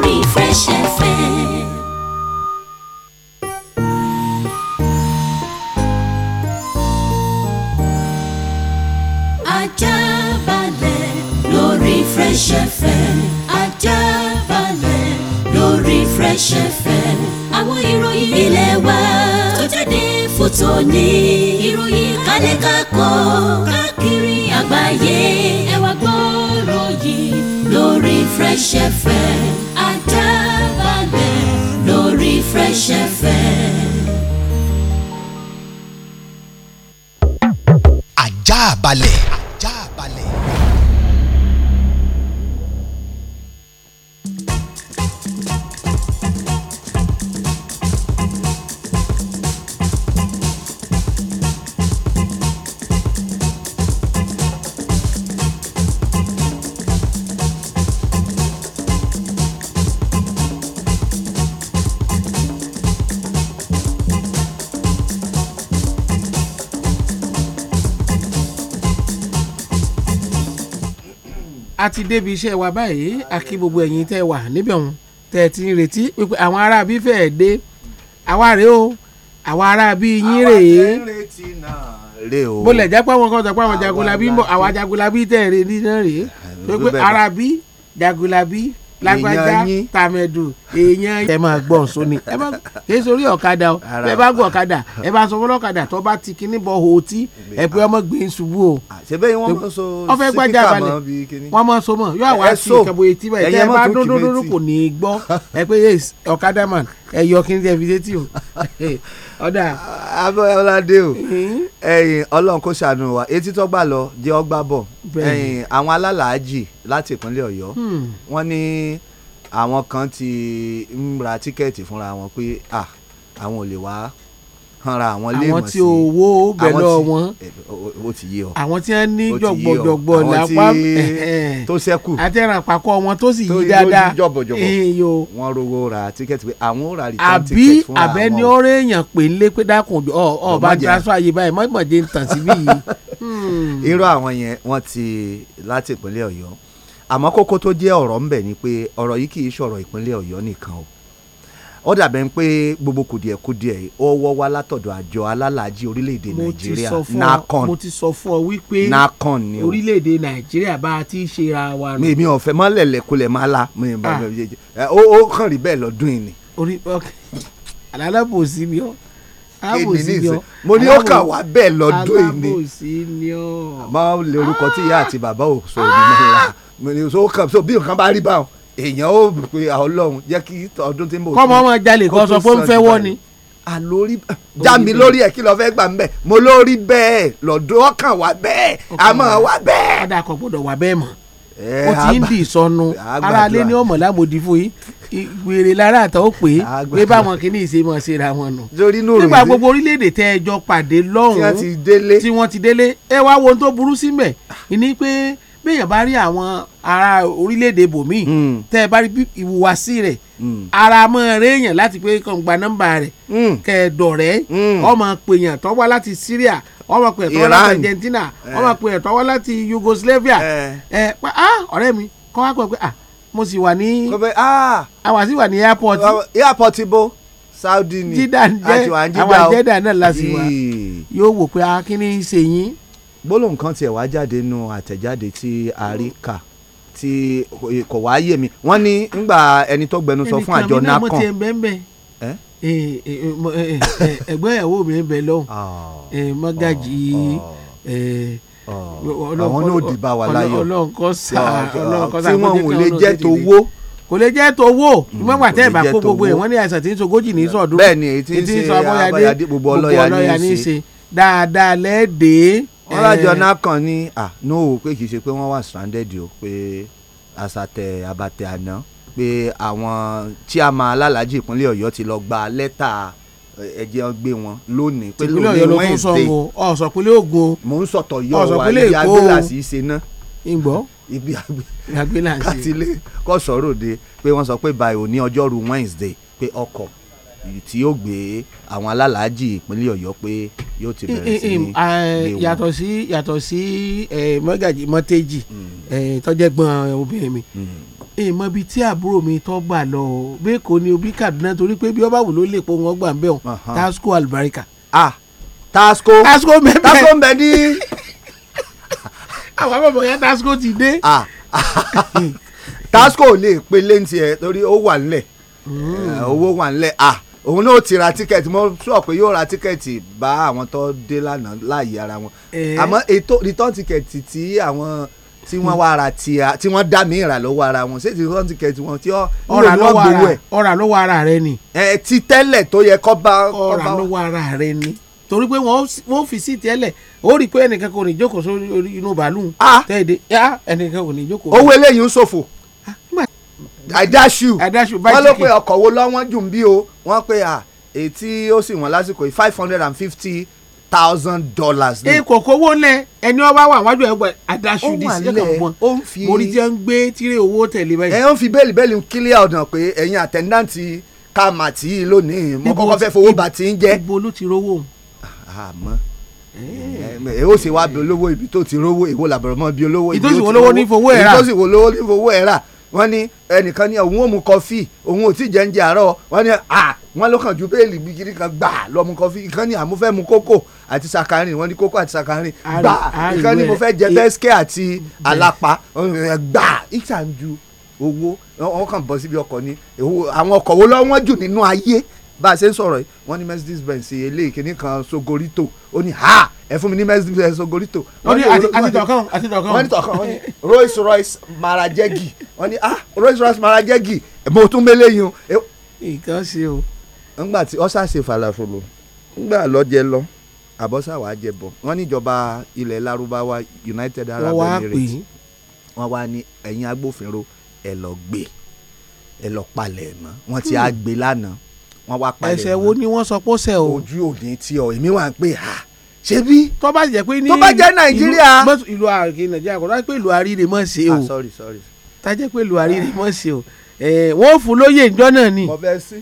òní ìròyìn kálẹ̀ kakọ́ kakiri àgbáyé ẹ wá gbọ́rọ̀ yìí lórí Fresh FM. a ti débi iṣẹ́ wa báyìí a gbogbo ẹ̀yin tẹ́ wà níbẹ̀ ọ̀hún tẹ́ ẹ ti ń retí pípẹ́ àwọn ará bí fẹ́ẹ́ dé àwa rèé o àwa ará bí yín rèé bó lẹ̀ jápọ̀ àwọn pé àwọn jagunlabi ń bọ̀ àwa jagunlabi tẹ̀ ẹ́ rí nínú rèé pípẹ́ ará bí jagunlabi lágbájá tàmẹ̀dù èèyàn ẹ máa gbọ́n sóni ẹ bá kéésì orí ọ̀kadà o ẹ bá gbọ́ ọ̀kadà ẹ bá sọ fọlọ́ ọ̀kadà tó bá ti kíní bọ̀ hòótì ẹ pé ọmọ gbé ṣubú o. ṣebí wọ́n mọ so ọfẹ gbàjà balẹ̀ wọ́n mọ so mọ yóò àwa sí ìkàbọ̀ etí báyìí tẹ́ ẹ bá dún kò ní í gbọ́ ẹ pé ọ̀kadà man ẹ yọ kí n fi dé tì o. ọ̀dà. abọ́ládé o ẹ̀yin ọlọ́run kó ṣàánú wa etí tó gbà lọ jẹ́ ọgbà bọ̀ ẹ̀yin àwọn alálàájì láti ìpínlẹ̀ ọ̀yọ́ hmm. wọ́n ní àwọn kan ti ń ra tíkẹ́ẹ̀tì fúnra wọn pé àwọn ò lè wá hanra àwọn ilé ìmọ̀ sí àwọn tí owó bẹ̀lọ́ wọn ó ti yé ọ àwọn tí wọ́n ní jọ̀gbọ̀jọ̀gbọ̀ lápá tó sẹ́kù àtẹ̀ràn àpapọ̀ wọn tó sì yí dáadáa tó yí jọ̀bọ̀jọ̀bọ̀ wọn rówó ra tíkẹ́ẹ̀tì pé àwọn ò ra return ticket fún àwọn. àbí abẹ́ni ó rèèyàn pé ń lé pé dákun ọ ọ bá transfer yìí báyìí mọ̀jẹ̀ ń tàn síbí yìí. Hmm. irú àwọn yẹn wọ́n ti láti ìpínlẹ̀ Ọ̀yọ́ àmọ́ kókó tó jẹ́ ọ̀rọ̀ ńbẹ̀ ni pé ọ̀rọ̀ yìí kì í ṣọ̀rọ̀ ìpínlẹ̀ Ọ̀yọ́ nìkan o ó dàbẹ̀ ń pé gbogbo kùdìẹ̀kudiẹ̀ ó wọ́ wá látọ̀dọ̀ àjọ alálàájì orílẹ̀-èdè nàìjíríà nacon mo ti sọ fún ọ wípé nacon ni o orílẹ̀-èdè nàìjíríà bá a ti ṣe ra wa nù. mi ò fẹ́ mọ́ lẹ̀lẹ̀kulẹ̀ máa la ah. ó kàn rí bẹ́ẹ̀ lọ́dún yìí ni. orí àlàlà bò sí mi ọ́ alábòsí ni ọ mo ní ó kà wá bẹ́ẹ̀ lọ́dún ìní alábòsí ni ọ. àmọ́ lè orúkọ tí ìyá àti bàbá ò sọ èmi náà mo ní so kàn so bí nǹkan bá rí báwọn èèyàn ó bì pé ọlọ́run jẹ́ kí ọdún tí ń bọ̀. kọ́mọ ọmọ jalè kan sọ pé ó ń fẹ́ wọ́ ni. àlórí já mi lórí ẹ̀ kí lọ fẹ́ gbà ń bẹ̀ mo lórí bẹ́ẹ̀ lọ́dún ọkàn wà bẹ́ẹ̀ àmọ́ wà bẹ́ẹ̀. ọ̀dà kan gbọ́dọ̀ wà bẹ́ẹ̀ mọ̀ ó ti ń di ìsọnu ara lé ní ọmọ lámòdì fún yín wèrè lára àtọ́ pé pé báwọn kìíní ìsemọ̀ síra wọn nù. nígbà gbogbo orílẹ̀-èdè tẹ́ ẹ pàdé lọ́hùn-ún tí wọ́n ti délé ẹ wá wo ohun tó burú sí mẹ́ ah. ìní pé béèyàn bá rí àwọn ara orílẹ̀-èdè bòmíì hmm. tẹ́ ẹ bá rí ìhùwàsí rẹ̀ hmm. ara mọ́ rèèyàn láti pé kàn gba nọ́mbà rẹ̀ hmm. kẹ̀ẹ́dọ̀rẹ́ ọmọ pèèyàn tó láti Syria ọmọ pèèyàn tó láti Argentina eh. ọmọ pèèyàn tó láti Yugoslavia ẹ eh. eh, pa ah, ọ̀rẹ́ mi kọ́ wá pẹ́ pé ah, mo sì wà ní àwa ah. sì wà ní airport. airport bo Saudi ni àti wàá jíjà o àwọn àjẹdà náà la sì wà yóò wò pé akínní ṣe yín gbólóhùn kan tiẹ̀ wá jáde nínú àtẹ̀jáde tí a rí kà tí kò wá yé mi wọ́n ní ngbà ẹni tó gbẹnusọ fún àjọ NACAN ẹgbẹ́ ìyàwó mi ń bẹ lọ́hùn ah. mọ́gàjì ah. ah. àwọn náà dìbà wà láyọ̀ tí wọ́n ò lè jẹ́ tó wó kò lè jẹ́ tó wó mọ́gbà mm, tẹ́ ẹ̀ bá kó gbogbo ẹ̀ wọ́n ní àìsàn tí ń sogójì ní sọ̀dún bẹ́ẹ̀ ni èyí tí ń ṣe abọ́yadé gbogbo ọlọ́yà ní í ṣe dáadáa lẹ́ẹ̀dẹ́ẹ́ wọ́n lájọ náà kàn ní à ní òwò pé kì í ṣe pé wọ́n wà stranded o pé àṣàtẹ̀ àbàtẹ̀ àná pé àwọn tí a máa lálàájì ìpínlẹ̀ ọ̀yọ́ ti lọ gba lẹ́tà eh, ẹ̀jẹ̀ gbé wọn lónìí pé lónìí wọ́n ń sọ o ọ̀sọ̀ pínlẹ̀ Ògùn mò ń sọ̀tọ̀ yọ wà níbi agbélàsì ṣe ná ìgbọ́ ibi agbélàsì kátìlẹ̀ kọ́sọ̀ròde pé wọ́n sọ pé báyìí ò ní Wednesday pé ọkọ̀ tí yóò gbé àwọn alálàájì ìpínlẹ̀ ọ̀yọ́ pé yóò ti bẹ̀rẹ̀ sí ní mm, mm, mm, léwu. Ah, eh, yàtọ̀ sí eh, mọ́gàjì mọ́tẹ́jì eh, tọ́jẹ́ gbọ́n obìnrin mi èèmọ̀ bíi tí àbúrò mi tọ́ gbà lọ bẹ́ẹ̀ kò ní obi Kaduna torí pé bí ọba wù ló lè po wọn gbà ń bẹ̀ tasco albarika. ah tasco tasco mbẹ́mbẹ́ tasco mbẹ́ ní. àwọn àbọ̀bọ̀ yẹn tasco ti dé. ah tasco lè pe lẹ́ǹtì ẹ̀ torí ó wà nílẹ̀ owó wà nílẹ̀ ah òun náà ti ra tíkẹ́ẹ̀tì mo sọ pé yóò ra tíkẹ́ẹ̀tì bá àwọn tó dé lánàá láàyè ara wọn eh. àmọ́ ètò return tíkẹ́ẹ̀tì tí àwọn tí wọ́n wá ara tí a tí wọ́n dá mi ìrà lọ́wọ́ ara wọn ṣé ti return tíkẹ́ẹ̀tì wọn tí ó ọ̀rà lọ́wọ́ ara ọ̀rà lọ́wọ́ ara rẹ ni. ẹ ti tẹ́lẹ̀ tó yẹ kọ́ bá ọ̀rà lọ́wọ́ ara rẹ ni torí pé wọ́n fi sí tẹ́lẹ̀ ó rí i pé ẹnìkan kò ní jókòó sórí inú bàálù ah. tẹ́ẹ̀dẹ́ ẹnìkan kò ní jókòó. owó eléyìí ń ṣòfò i dash you i dash you buy ticket wọ́n ló pé ọkọ̀ wo lọ́wọ́n jù ń bí o wọ́n pé à ètí ó sì wọ́n lásìkò yìí five hundred and fifty thousand dollars. ẹ kò kówó lẹ ẹni ọba wà wájú ẹgbẹ adaṣu di sí ẹkàn mọ orí jẹ ń gbé tirẹ owó tẹlẹ báyìí. ẹ ń fi bẹ́ẹ̀lì bẹ́ẹ̀lì kílíà ọ̀dàn pé ẹ̀yin àtẹ̀ndáǹtì ká mà tí ì lónìí mo kọ́kọ́ fẹ́ fowó bá ti ń jẹ́. ibo ló ti rówó. àmọ́ ẹ ó ṣe wá bí olówó ibi tó ti rówó èwo làbọ̀rọ̀ mọ́ bí olówó. ìtòsíwò lówó ní fowó ẹ̀ rà. ìtòsíwò lówó ní fowó ẹ̀ rà wọ́n ní ẹnìkan ní òun ò mu kọfí òun ò tí jẹ́ ń jẹ àárọ̀ wọ́n ní à wọ́n ló kàn ju béèlì gbígiri kan gbà lọ mu kọfí ìkan ní àmú fẹ́ mu kókò àti sàkárìn wọ́n ní kókò àti sàkárìn gbà ìkan ní mo fẹ́ jẹ bẹ́sikẹ́ àti àlàpà gbà ìtàn ju owó wọ́n kàn bọ́ síbi ọkọ̀ ní àwọn ọkọ̀ wo lọ́wọ́ jù nínú ayé bá a ṣe ń sọ̀rọ̀ yìí wọ́n ní Mercedes Benz eléyìí kìíní kan Sogorito ó ní ha ẹ fún mi ní Mercedes Benz Sogorito. wọ́n ní àtitọ̀kan àtitọ̀kan. wọ́n ní tọ̀kan wọ́n ní Rolls Royce Marajegi wọ́n ní ah Rolls Royce Marajegi mo tún mélé yín o. E, nǹkan ṣe o. ńgbà tí ọ́sà ṣe falafolo ńgbà lọ́jẹ lọ àbọ́sà wàá jẹ bọ̀ wọ́n níjọba ilẹ̀ Lárúbáwá United Arab Emirates wọ́n wá ní ẹ̀yin agbófinró ẹ̀ lọ gbé ẹ̀ lọ palẹ̀ mọ́ wọ́n ti hmm. á gbé wọ́n wá parí ẹ̀ ẹ̀ṣẹ̀ wo ni wọ́n sọ pé ó ṣẹ̀ o. ojú òde tí ọ èmi wà ń pè ha ṣé bí. tó bá jẹ́ pé ní tó bá jẹ́ nàìjíríà. ìlú àrèké nàìjíríà kò dájú pé ìlú àríre mọ̀ sí o. ah sorry sorry. tá jẹ́ pé ìlú àríre mọ̀ sí o. wọ́n fún lóyè ìjọ náà ni. mo fẹ́ sí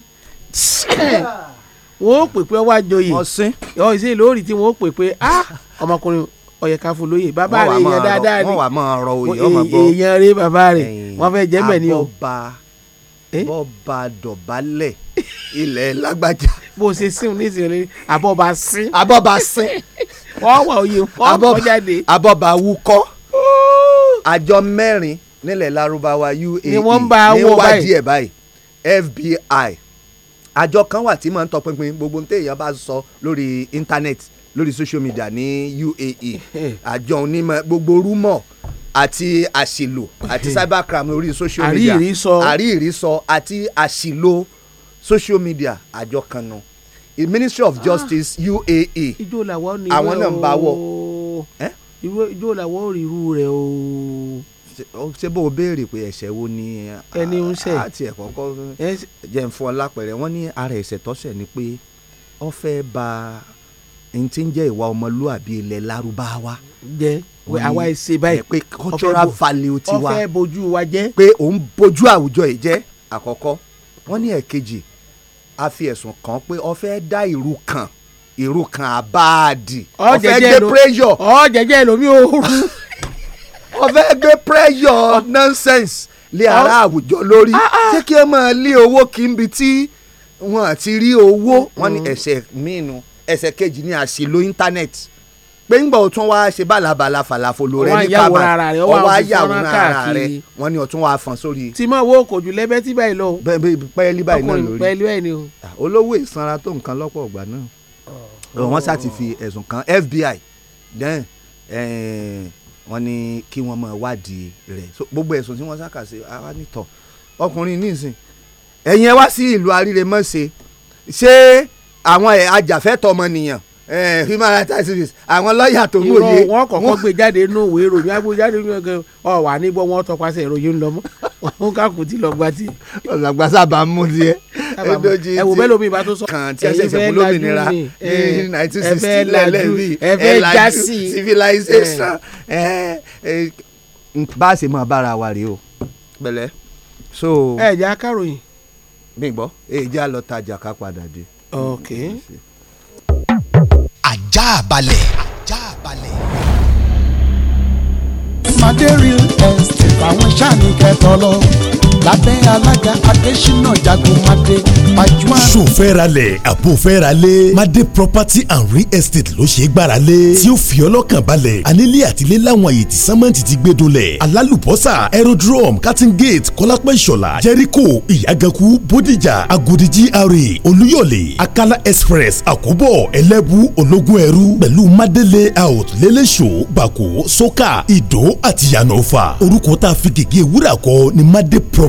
wọn ó pè pé ọwọ́ àjọyè ọ ìṣe lórí tí wọn ó pè pé ah ọmọkùnrin ọ̀yẹ̀ká fún lóye bàbá rẹ̀ èèyàn dáadáa ni wọ́n wà máa rọ òye ọmọ gbọ́ èèyàn rẹ̀ bàbá rẹ̀ wọ́n fẹ́ jẹ́ mẹ́ni o. àbọ̀bà eh? bọ́ọ̀bà dọ̀bálẹ̀ ilẹ̀ lágbájá. bó o ṣe sìn nísìnyí abọ́ba sín. abọ́ba sín. wọ́n wà oyè wọ́n kọ́ jáde. abọ́ba wúkọ́ àjọ mẹ́rin nílẹ̀ Lárúbáwá UAE ni wọ́n bá wọ báyìí FBI àjọ kan wà tí màá ń tọpinpin gbogbo ntẹ èèyàn bá sọ lórí íńtánẹ́ẹ̀tì lórí social media ní UAE àjọ onímọ̀ gbogbo rúmọ̀ àti àṣìlò àti cybercrime lórí social media àríyìírí sọ àríyìírí sọ àti àṣìlò. So social media àjọ kan nu ministry of ah. justice ah. UAE àwọn náà ń bá wọ. ijó làwọ̀ ríru rẹ̀ o. ṣé bó o béèrè pé ẹ̀ṣẹ̀ wo ni ẹni ń ṣẹ̀ àti ẹ̀ kọ́kọ́ jẹ́ ń fún ọ lápẹ̀rẹ̀ wọ́n ní ara ẹ̀ṣẹ̀ tọ́ṣẹ̀ ni pé ó fẹ́ ba n ti ń jẹ́ ìwà ọmọlúàbí ilẹ̀ lárúbáwá. jẹ́ àwa ẹ̀ ṣe báyìí pé cultural value tiwa ó fẹ́ bojú wa jẹ́. pé òun bojú àwùjọ yìí jẹ́ àkọ́kọ́ wọ́n ní ẹ̀kejì a fi ẹ̀sùn kàn pé ó fẹ́ dá ìrú kan ìrú kan àbáàdì ó fẹ́ gbé pressure ó jẹjẹ lomi ooru ó fẹ́ gbé pressure nonsense lé ara àwùjọ lórí ah, ah. ṣé kí ẹ máa lé owó kí n bi tí wọn àti rí owó wọn ní mm. ẹsẹ̀ míì nu ẹsẹ̀ kejì ní àṣìlò íńtánẹ́ẹ̀tì pé ńgbà òtún wá ṣe bàlàbàlà falafolo rẹ ní pàmà ọwọ́ ayàwòrán ara rẹ wọ́n ní ọ̀tún wá fọ́n sórí. tí mo wo kò jù lẹ́bẹ́ tí báyìí lọ. pẹ́ẹ́lí báyìí náà lórí pẹ́ẹ́lí báyìí ni o. Ah, olówó ìsanra tó nǹkan lọ́pọ̀ ọ̀gbà náà oh. wọ́n ṣáà ti fi ẹ̀sùn kan FBI then eh, wọ́n ní kí wọ́n máa wádìí rẹ̀ gbogbo ẹ̀sùn tí wọ́n ṣàkàṣe àwa nìtọ̀ ọkùnrin níìsín ẹ̀yin ẹ wá sí ìlú àríremọ́ṣe ṣé àwọn eh, ajàfẹ́tọ̀ọ́ ọmọnìyàn Eh, human rights activists àwọn lọ́ọ̀yà tó mú òye. wọ́n kọ́kọ́ gbé jáde nínú ìwé ìròyìn agbó jáde nínú ẹgbẹ́ ọ wà níbọ̀ wọ́n tọpasẹ̀ ìròyìn lọ mọ́ wọn kà kùtì lọ gba tí. ọ̀làgbà sábà mú díẹ̀ ẹdọ̀jì tí ẹ̀wò bẹ́ẹ̀ lómi ìbá tó sọ. kàn tí ẹsẹ̀ ṣẹ̀kún lómìnira ní nineteen sixty lẹ́lẹ́ bí ẹ̀ lajú civilization bá a ṣe máa bára wa rèé o. bẹ̀lẹ̀. so ẹ̀ jẹ́ akáròyìn. mi gbọ́ èyí já lọ tajà ká padà dé. ok. okay ajá balẹ̀. ajá balẹ̀. Màdé real estate àwọn sáà ní kẹtọ lọ lábẹ́ alága adésínà jagun madé pajúwa. sofẹ́ralẹ̀ àbúfẹ́ralẹ̀ madé property and real estate ló ṣe é gbára lé tí ó fi ọlọ́kàn balẹ̀ anílé àtìlé láwọn àyè tí sámẹ́ǹtì ti gbé dolẹ̀ alálùbọ́sà aerodrome cutting gate kọ́lápẹ́ ìṣọ̀lá jẹ́ríkò ìyàgànkù bódìjà agodi gra olúyọ̀lé akala express àkóbọ̀ ẹlẹ́bù ológun ẹrú pẹ̀lú madé layout lẹ́lẹ́ṣọ́ bàkó sọ́kà ìdó àti yànnọ́fà orúkọ tá a fi ni madé property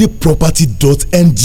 adeproperty.ng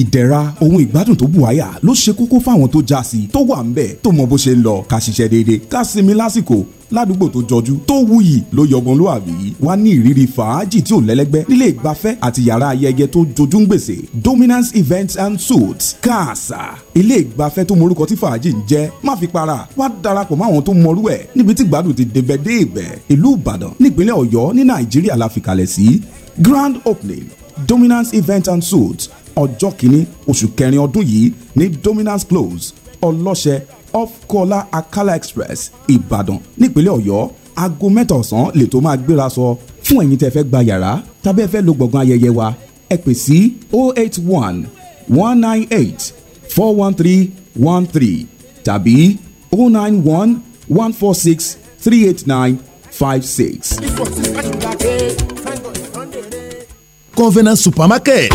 ìdẹ̀ra ohun ìgbádùn tó bùháyà ló ṣe kókó fáwọn tó já sí tó wà ń bẹ̀ tó mọ bó ṣe ń lọ ká ṣiṣẹ́ déédéé ká sinmi lásìkò ládùúgbò tó jọjú tó wuyì ló yọgbọ́n ló àbí wá ní ìrírí fàájì tí ò lẹ́lẹ́gbẹ́ nílé ìgbafẹ́ àti yàrá ayẹyẹ tó jojú ń gbèsè dominance events and suits káàsà ilé ìgbafẹ́ tó morúkọ tí fàájì ń jẹ́ má fi para wá darapọ̀ mọ́ àwọn tó mọrú ẹ̀ níbi tí gbádùn ti débẹ̀ dé ìbẹ̀ ìlú ìbàdàn nípínlẹ̀ ọ̀yọ́ ní nàìjíríà la fìkàlẹ̀ sí grand opening dominance events and suits ọjọ́ kìíní oṣù kẹrin ọdún yìí ní dominance close ọlọ́ṣẹ off kola akala express ìbàdàn nípínlẹ̀ ọ̀yọ́ aago mẹ́ta ọ̀sán lètò máa gbéra sọ fún ẹ̀yin tẹ́ fẹ́ gba yàrá tàbí ẹ fẹ́ lo gbọ̀ngàn ayẹyẹ wa ẹ pè sí 081 198 413 13 tàbí 091 146 389 56 convenience supermarket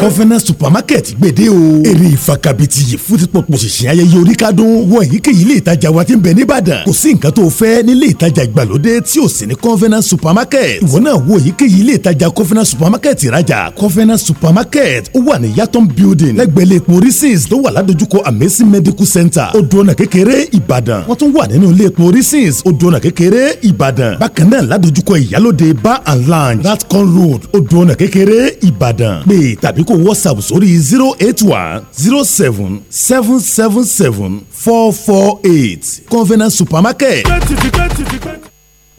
convenience supermarket gbèdé o èrè ìfakabiti yìí fún ti pọpọ ṣìṣìn ayẹyẹ oríkádún wọ èyíkéyìí ilé ìtajà wa ti ń bẹ nìbàdàn kò sí nǹkan tó fẹ́ nílé ìtajà ìgbàlódé tí ò sí ní convenience supermarket ìwọ náà wo èyíkéyìí ilé ìtajà convenience supermarket ìrajà convenience supermarket ó wà ní yàtọ̀n building lẹ́gbẹ̀lẹ́ epo reasons tó wà ládojúkọ amesi medical center odò ọ̀nà kékeré ìbàdàn wọ́n tún wà nínú ilé epo reasons odò ọ̀nà kékeré ìbàdàn bákan náà ládojúkọ ìyálòde bar and lounge ratcon road ẹ̀dùn ọ̀nà kékeré ìbàdàn pé tàbí kó whatsapp sórí zero eight one zero seven seven seven seven four four eight convenience supermarket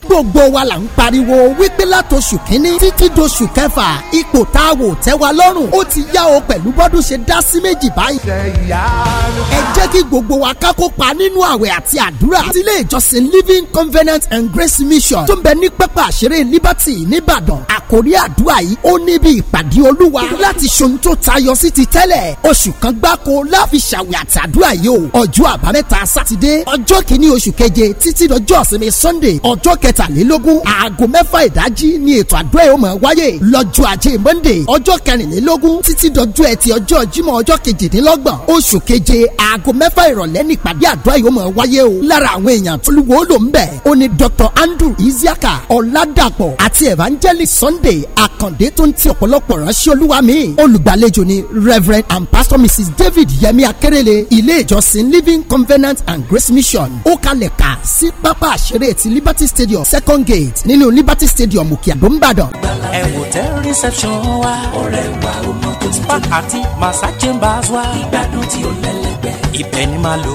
gbogbo wa là ń pariwo wípé látòṣù kínní títí doṣù kẹfà ipò tá a wò tẹ́ wa lọ́rùn ó ti yá o pẹ̀lú bọ́dún ṣe dá sí méjì báyìí. ẹ jẹ́ kí gbogbo wa ká nínú àwẹ̀ àti àdúrà sílé ìjọsìn living covenant and grace mission tó ń bẹ ní pẹ́pẹ́ àṣírí liberty nìbàdàn àkórí àdúrà yìí ó níbi ìpàdé olúwa láti ṣohun tó tayọ sí ti tẹ́lẹ̀ oṣù kan gbáko láfi ṣàwẹ̀ àti àdúrà yìí o ọjọ́ àbámẹ́ta sátidé ọjọ́ kìíní oṣù keje títí dọjọ́ ìsinmi sunday ọjọ́ kẹta kẹtàlélógún aago mẹ́fà ìdájí ni ètò àdúrà yóò máa wáyé lọ́jọ́ ajé monde ọjọ́ kẹrìnlélógún títí dọjọ́ ẹtì ọjọ́ jímọ̀ ọjọ́ kejìdínlọ́gbọ̀n oṣù keje aago mẹ́fà ìrọ̀lẹ́ ní ìpàdé àdúrà yóò máa wáyé o lára àwọn èèyàn tó lùwọ́ ló ń bẹ̀ ó ní Dr. Andrew Isiaka Ọ̀làdàpọ̀ àti Evangelist Sunday Akande tó ń ti ọ̀pọ̀lọpọ̀ ránṣẹ́ olúwa mi olùgbàlejò ni Rev. and Pastor Mrs. David Yemi Akérèlé ilé ìjọsìn Living Covenant and Grace Mission ó kalẹ̀ ká sí pápá àṣẹrẹ́ ti Liberty Stadium second gate nílùú liberty stadium òkè-àdó ńbàdàn. ẹ wò tẹ reception wa ọ̀rẹ́ wa ó mọ tó ti tó àti massa chambers wa ìgbádùn tí ó lẹ́lẹ́gbẹ́ ibẹ̀ ni màá lò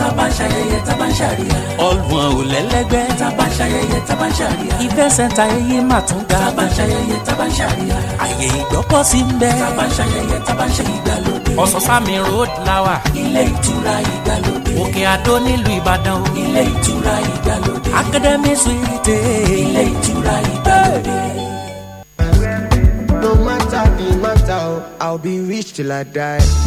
taba ṣayẹyẹ taba ń ọlùwọ̀n ò lẹ́lẹ́gbẹ́. taba ṣayẹyẹ taba ń ṣàríyá. sẹ́ńtà eyé mà tún ga. taba ṣayẹyẹ taba ń àyè ìgbọ́pọ̀ sí ń bẹ. taba ṣayẹyẹ taba ṣe ìgbàlódé. ọ̀sán sami road lawa. ilé ìtura ìgbàlódé òkè àdó nílùú ìbàdàn o. ilé ìtura ìgbàlódé. academy suite. ilé ìtura ìgbàlódé. no matter the matter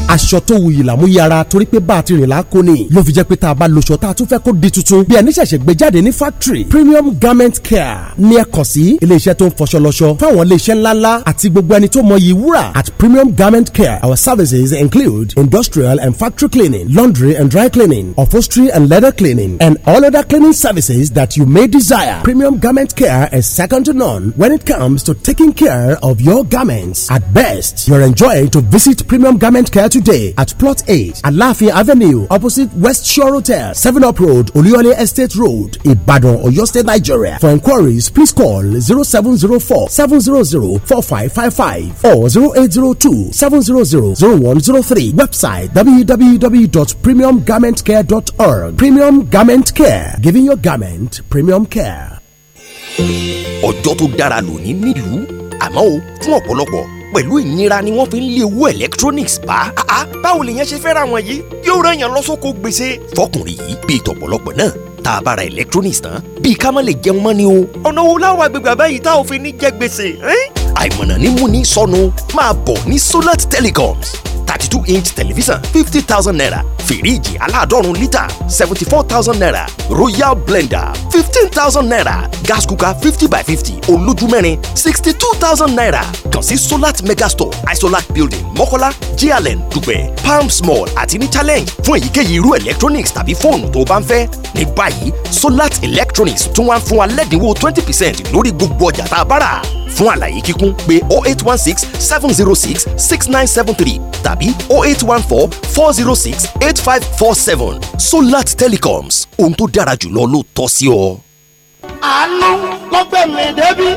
aṣọ tó wuyì làmúyẹ ara torí pé bá a ti rìn láko ni ló fi jẹ́ pé tá a bá lòṣọ tá a tún fẹ́ kó di tuntun bí ẹni ṣẹ̀ṣẹ̀ gbé jáde ní factory premium garment care ní ẹ̀kọ́ sí iléeṣẹ́ tó ń fọṣọ lọ́ṣọ fáwọn iléeṣẹ́ ńláńlá àti gbogbo ẹni tó mọyì wúrà at premium garment care our services include industrial and factory cleaning laundry and dry cleaning upholstery and leather cleaning and all other cleaning services that you may desire premium garment care is second to none when it comes to taking care of your garments at best your were enjoined to visit Premium Garment Care today at Plot 8, Alafia Avenue, opposite West Shore Hotel, 7 Up Road, Oluyole Estate Road, Ibadan, Oyo State, Nigeria. For inquiries, please call 0704 700 4555 or 0802 700 0103. Website www.premiumgarmentcare.org. Premium Garment Care, giving your garment premium care. ọjọ́ tó dára lónìí nílùú àmọ́ o fún ọ̀pọ̀lọpọ̀ pẹ̀lú ìnira ni wọ́n fi ń lé owó electronics bá. báwo lèèyàn ṣe fẹ́ ra wọn yìí yóò ràn yàn lọ́sọ́kọ gbèsè. fọkùnrin yìí bíi tọ̀pọ̀lọpọ̀ náà tá a bá ra electronics tán bíi ká má lè jẹun mọ́ ni o. ọ̀nà wo láwọn àgbègbè àbáyìí tá ò fi ní jẹ gbèsè. àìmọ̀nà ni mú ní sọnù máa bọ̀ ní Solat Telecoms thirty two inch tẹlifíṣàn fifty thousand naira fìríìjì aláàdọ́rùn lítà seventy four thousand naira royal blender fifteen thousand naira gas cooker fifty by fifty olójú mẹ́rin sixty two thousand naira kàn sí solat megastore isolac building mọ́kọ́lá jln dùgbẹ̀ Palm Small, àti ní challenge fún èyíkéyìí irú electronics tàbí fóònù tó o bá ń fẹ́ ní báyìí solat electronics tún wá ń fún wa lẹ́dínwó twenty percent lórí gbogbo ọjà tá a bá fún àlàyé kíkún pé 0816 706 6973 tàbí 0814 406 8547 Solat Telecoms ohun tó dára jùlọ ló tọ́ sí ọ. àánú ló gbẹ̀mí débí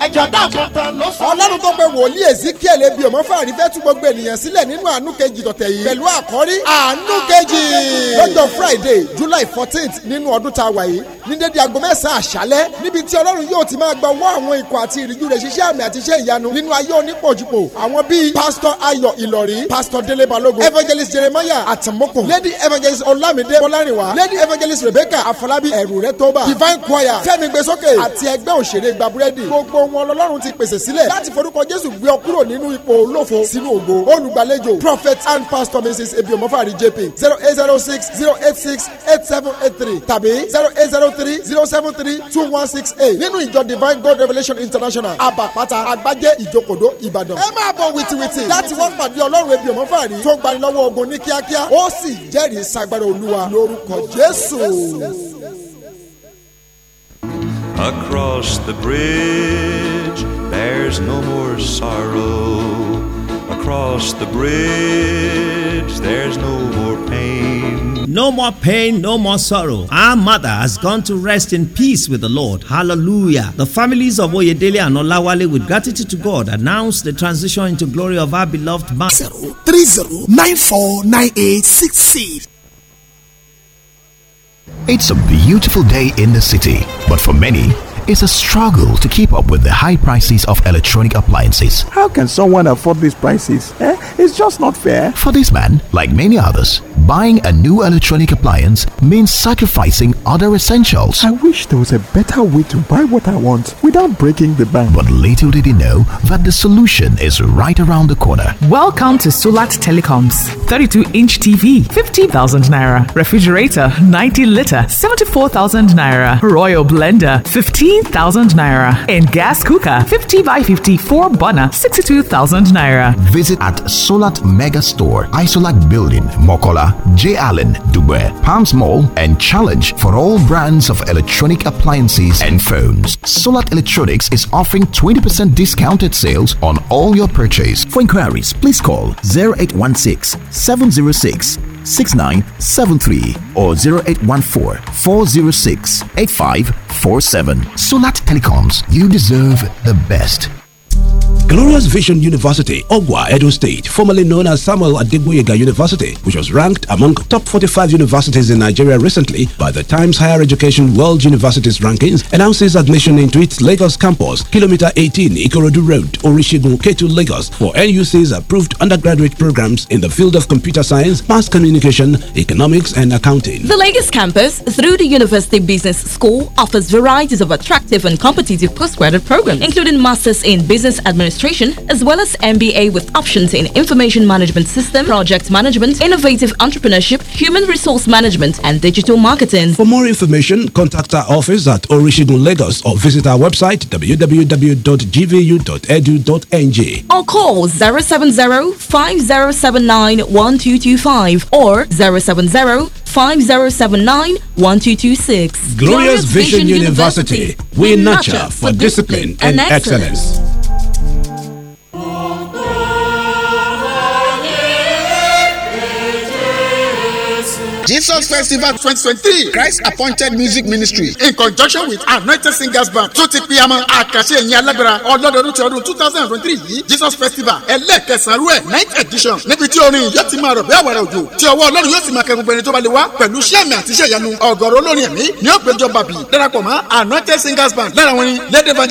ẹ̀jẹ̀ dàgbà tán ló sọ. ọlọ́run tó pe wòlíì ezekiel ebi òmò fàárí fẹ́ tú gbogbo ènìyàn sílẹ̀ nínú àánú kejì tọ̀tẹ̀ yìí pẹ̀lú àkọ́rí àánú kejì lọ́jọ́ friday july fourteenth nínú ọdún tá a wà yìí ní dédé aago mẹ́sàn-án àṣálẹ́ níbi tí ọlọ́run yóò ti máa gba owó àwọn ikọ̀ àti ìrìjú rẹ̀ ṣiṣẹ́ àmì àti iṣẹ́ ìyanu nínú ayé onípòjúpò àwọn bíi pastor ayọ̀ ìlọ̀rí pastor délé balógun evangelist jeremiah àtàmọ́kùn lady evangelist olamide bọ́lárìnwá lady evangelist rebecca afọlábí ẹ̀rù rẹ̀ tó bá divine choir fẹ́mi gbèsókè àti ẹgbẹ́ òṣèré gbàbúrẹ́dì gbogbo wọn lọ́lọ́run ti pèsè sílẹ̀ láti forúkọ Jésù gbé ọ kúrò nínú ipò olófo sínú ògo olùgbàlejò prophet and pastor Mrs Ebiomofari JP zero eight zero six zero eight six eight seven eight three tàbí zero eight zero three zero seven three two one six eight nínú ìjọ Divine God Revelation International Abapata Agbájé Ìjókòdó Ìbàdàn. ẹ máa bọ̀ wìtìwìtì láti wọ́n pàdé ọlọ́run Ebiomofari tó gbani lọ́wọ́ ogun ní kíákíá ó sì jẹ́rìí sagbára Olúwa lórúkọ Jésù. Yes, yes, yes. Across the bridge, there's no more sorrow. Across the bridge, there's no more pain. No more pain, no more sorrow. Our mother has gone to rest in peace with the Lord. Hallelujah. The families of Oyedele and Olawale, with gratitude to God, announce the transition into glory of our beloved mother. 0 it's a beautiful day in the city, but for many, it's a struggle to keep up with the high prices of electronic appliances. How can someone afford these prices? Eh? It's just not fair. For this man, like many others, buying a new electronic appliance means sacrificing other essentials. I wish there was a better way to buy what I want without breaking the bank. But little did he know that the solution is right around the corner. Welcome to Sulat Telecoms 32 inch TV, 50,000 naira. Refrigerator, 90 liter, 74,000 naira. Royal Blender, 15 15,000 naira. In gas Kuka 50 by fifty four bana, 62,000 naira. Visit at Solat Mega Store, Isolat Building, Mokola, J. Allen, Dubai, Palms Mall, and Challenge for all brands of electronic appliances and phones. Solat Electronics is offering 20% discounted sales on all your purchase. For inquiries, please call 0816 706 6973 or 0814 406 8547. Solat Telecoms, you deserve the best. Glorious Vision University, Ogwa, Edo State, formerly known as Samuel Adegboyega University, which was ranked among top 45 universities in Nigeria recently by the Times Higher Education World Universities Rankings, announces admission into its Lagos campus, Kilometer 18, Ikorodu Road, Orishigun, Ketu, Lagos, for NUC's approved undergraduate programs in the field of computer science, mass communication, economics, and accounting. The Lagos campus, through the University Business School, offers varieties of attractive and competitive postgraduate programs, including masters in business administration Administration, as well as MBA with options in Information Management System, Project Management, Innovative Entrepreneurship, Human Resource Management, and Digital Marketing. For more information, contact our office at Orishigun Lagos or visit our website www.gvu.edu.ng or call 070-5079-1225 or 070-5079-1226. Glorious, Vision, Vision University. University. We nurture for discipline and, and excellence. excellence. Jesus Festival 2023 Christ Appointed Music Ministry in conjunction with Anointed Singers Band tó ti pe àmọ́ àkàṣe ìyìn alágbára ọlọ́dọọdún ti ọdún 2023 yìí Jesus Festival ẹlẹ́ẹ̀kẹsàn-án rú ẹ̀ ninth edition níbi tí orin yóò ti máa rọ̀ bí àwàrà òjò tí ọwọ́ Ọlọ́run yóò sì máa kẹ́gun gbẹni tó bá lè wá pẹ̀lú sẹ́mi àti iṣẹ́ ọ̀gọ̀rọ̀ olórin ẹ̀mí ni ó péjọ bàbí darapọ̀ mọ́ Anointed Singers Band lára wọn ni lady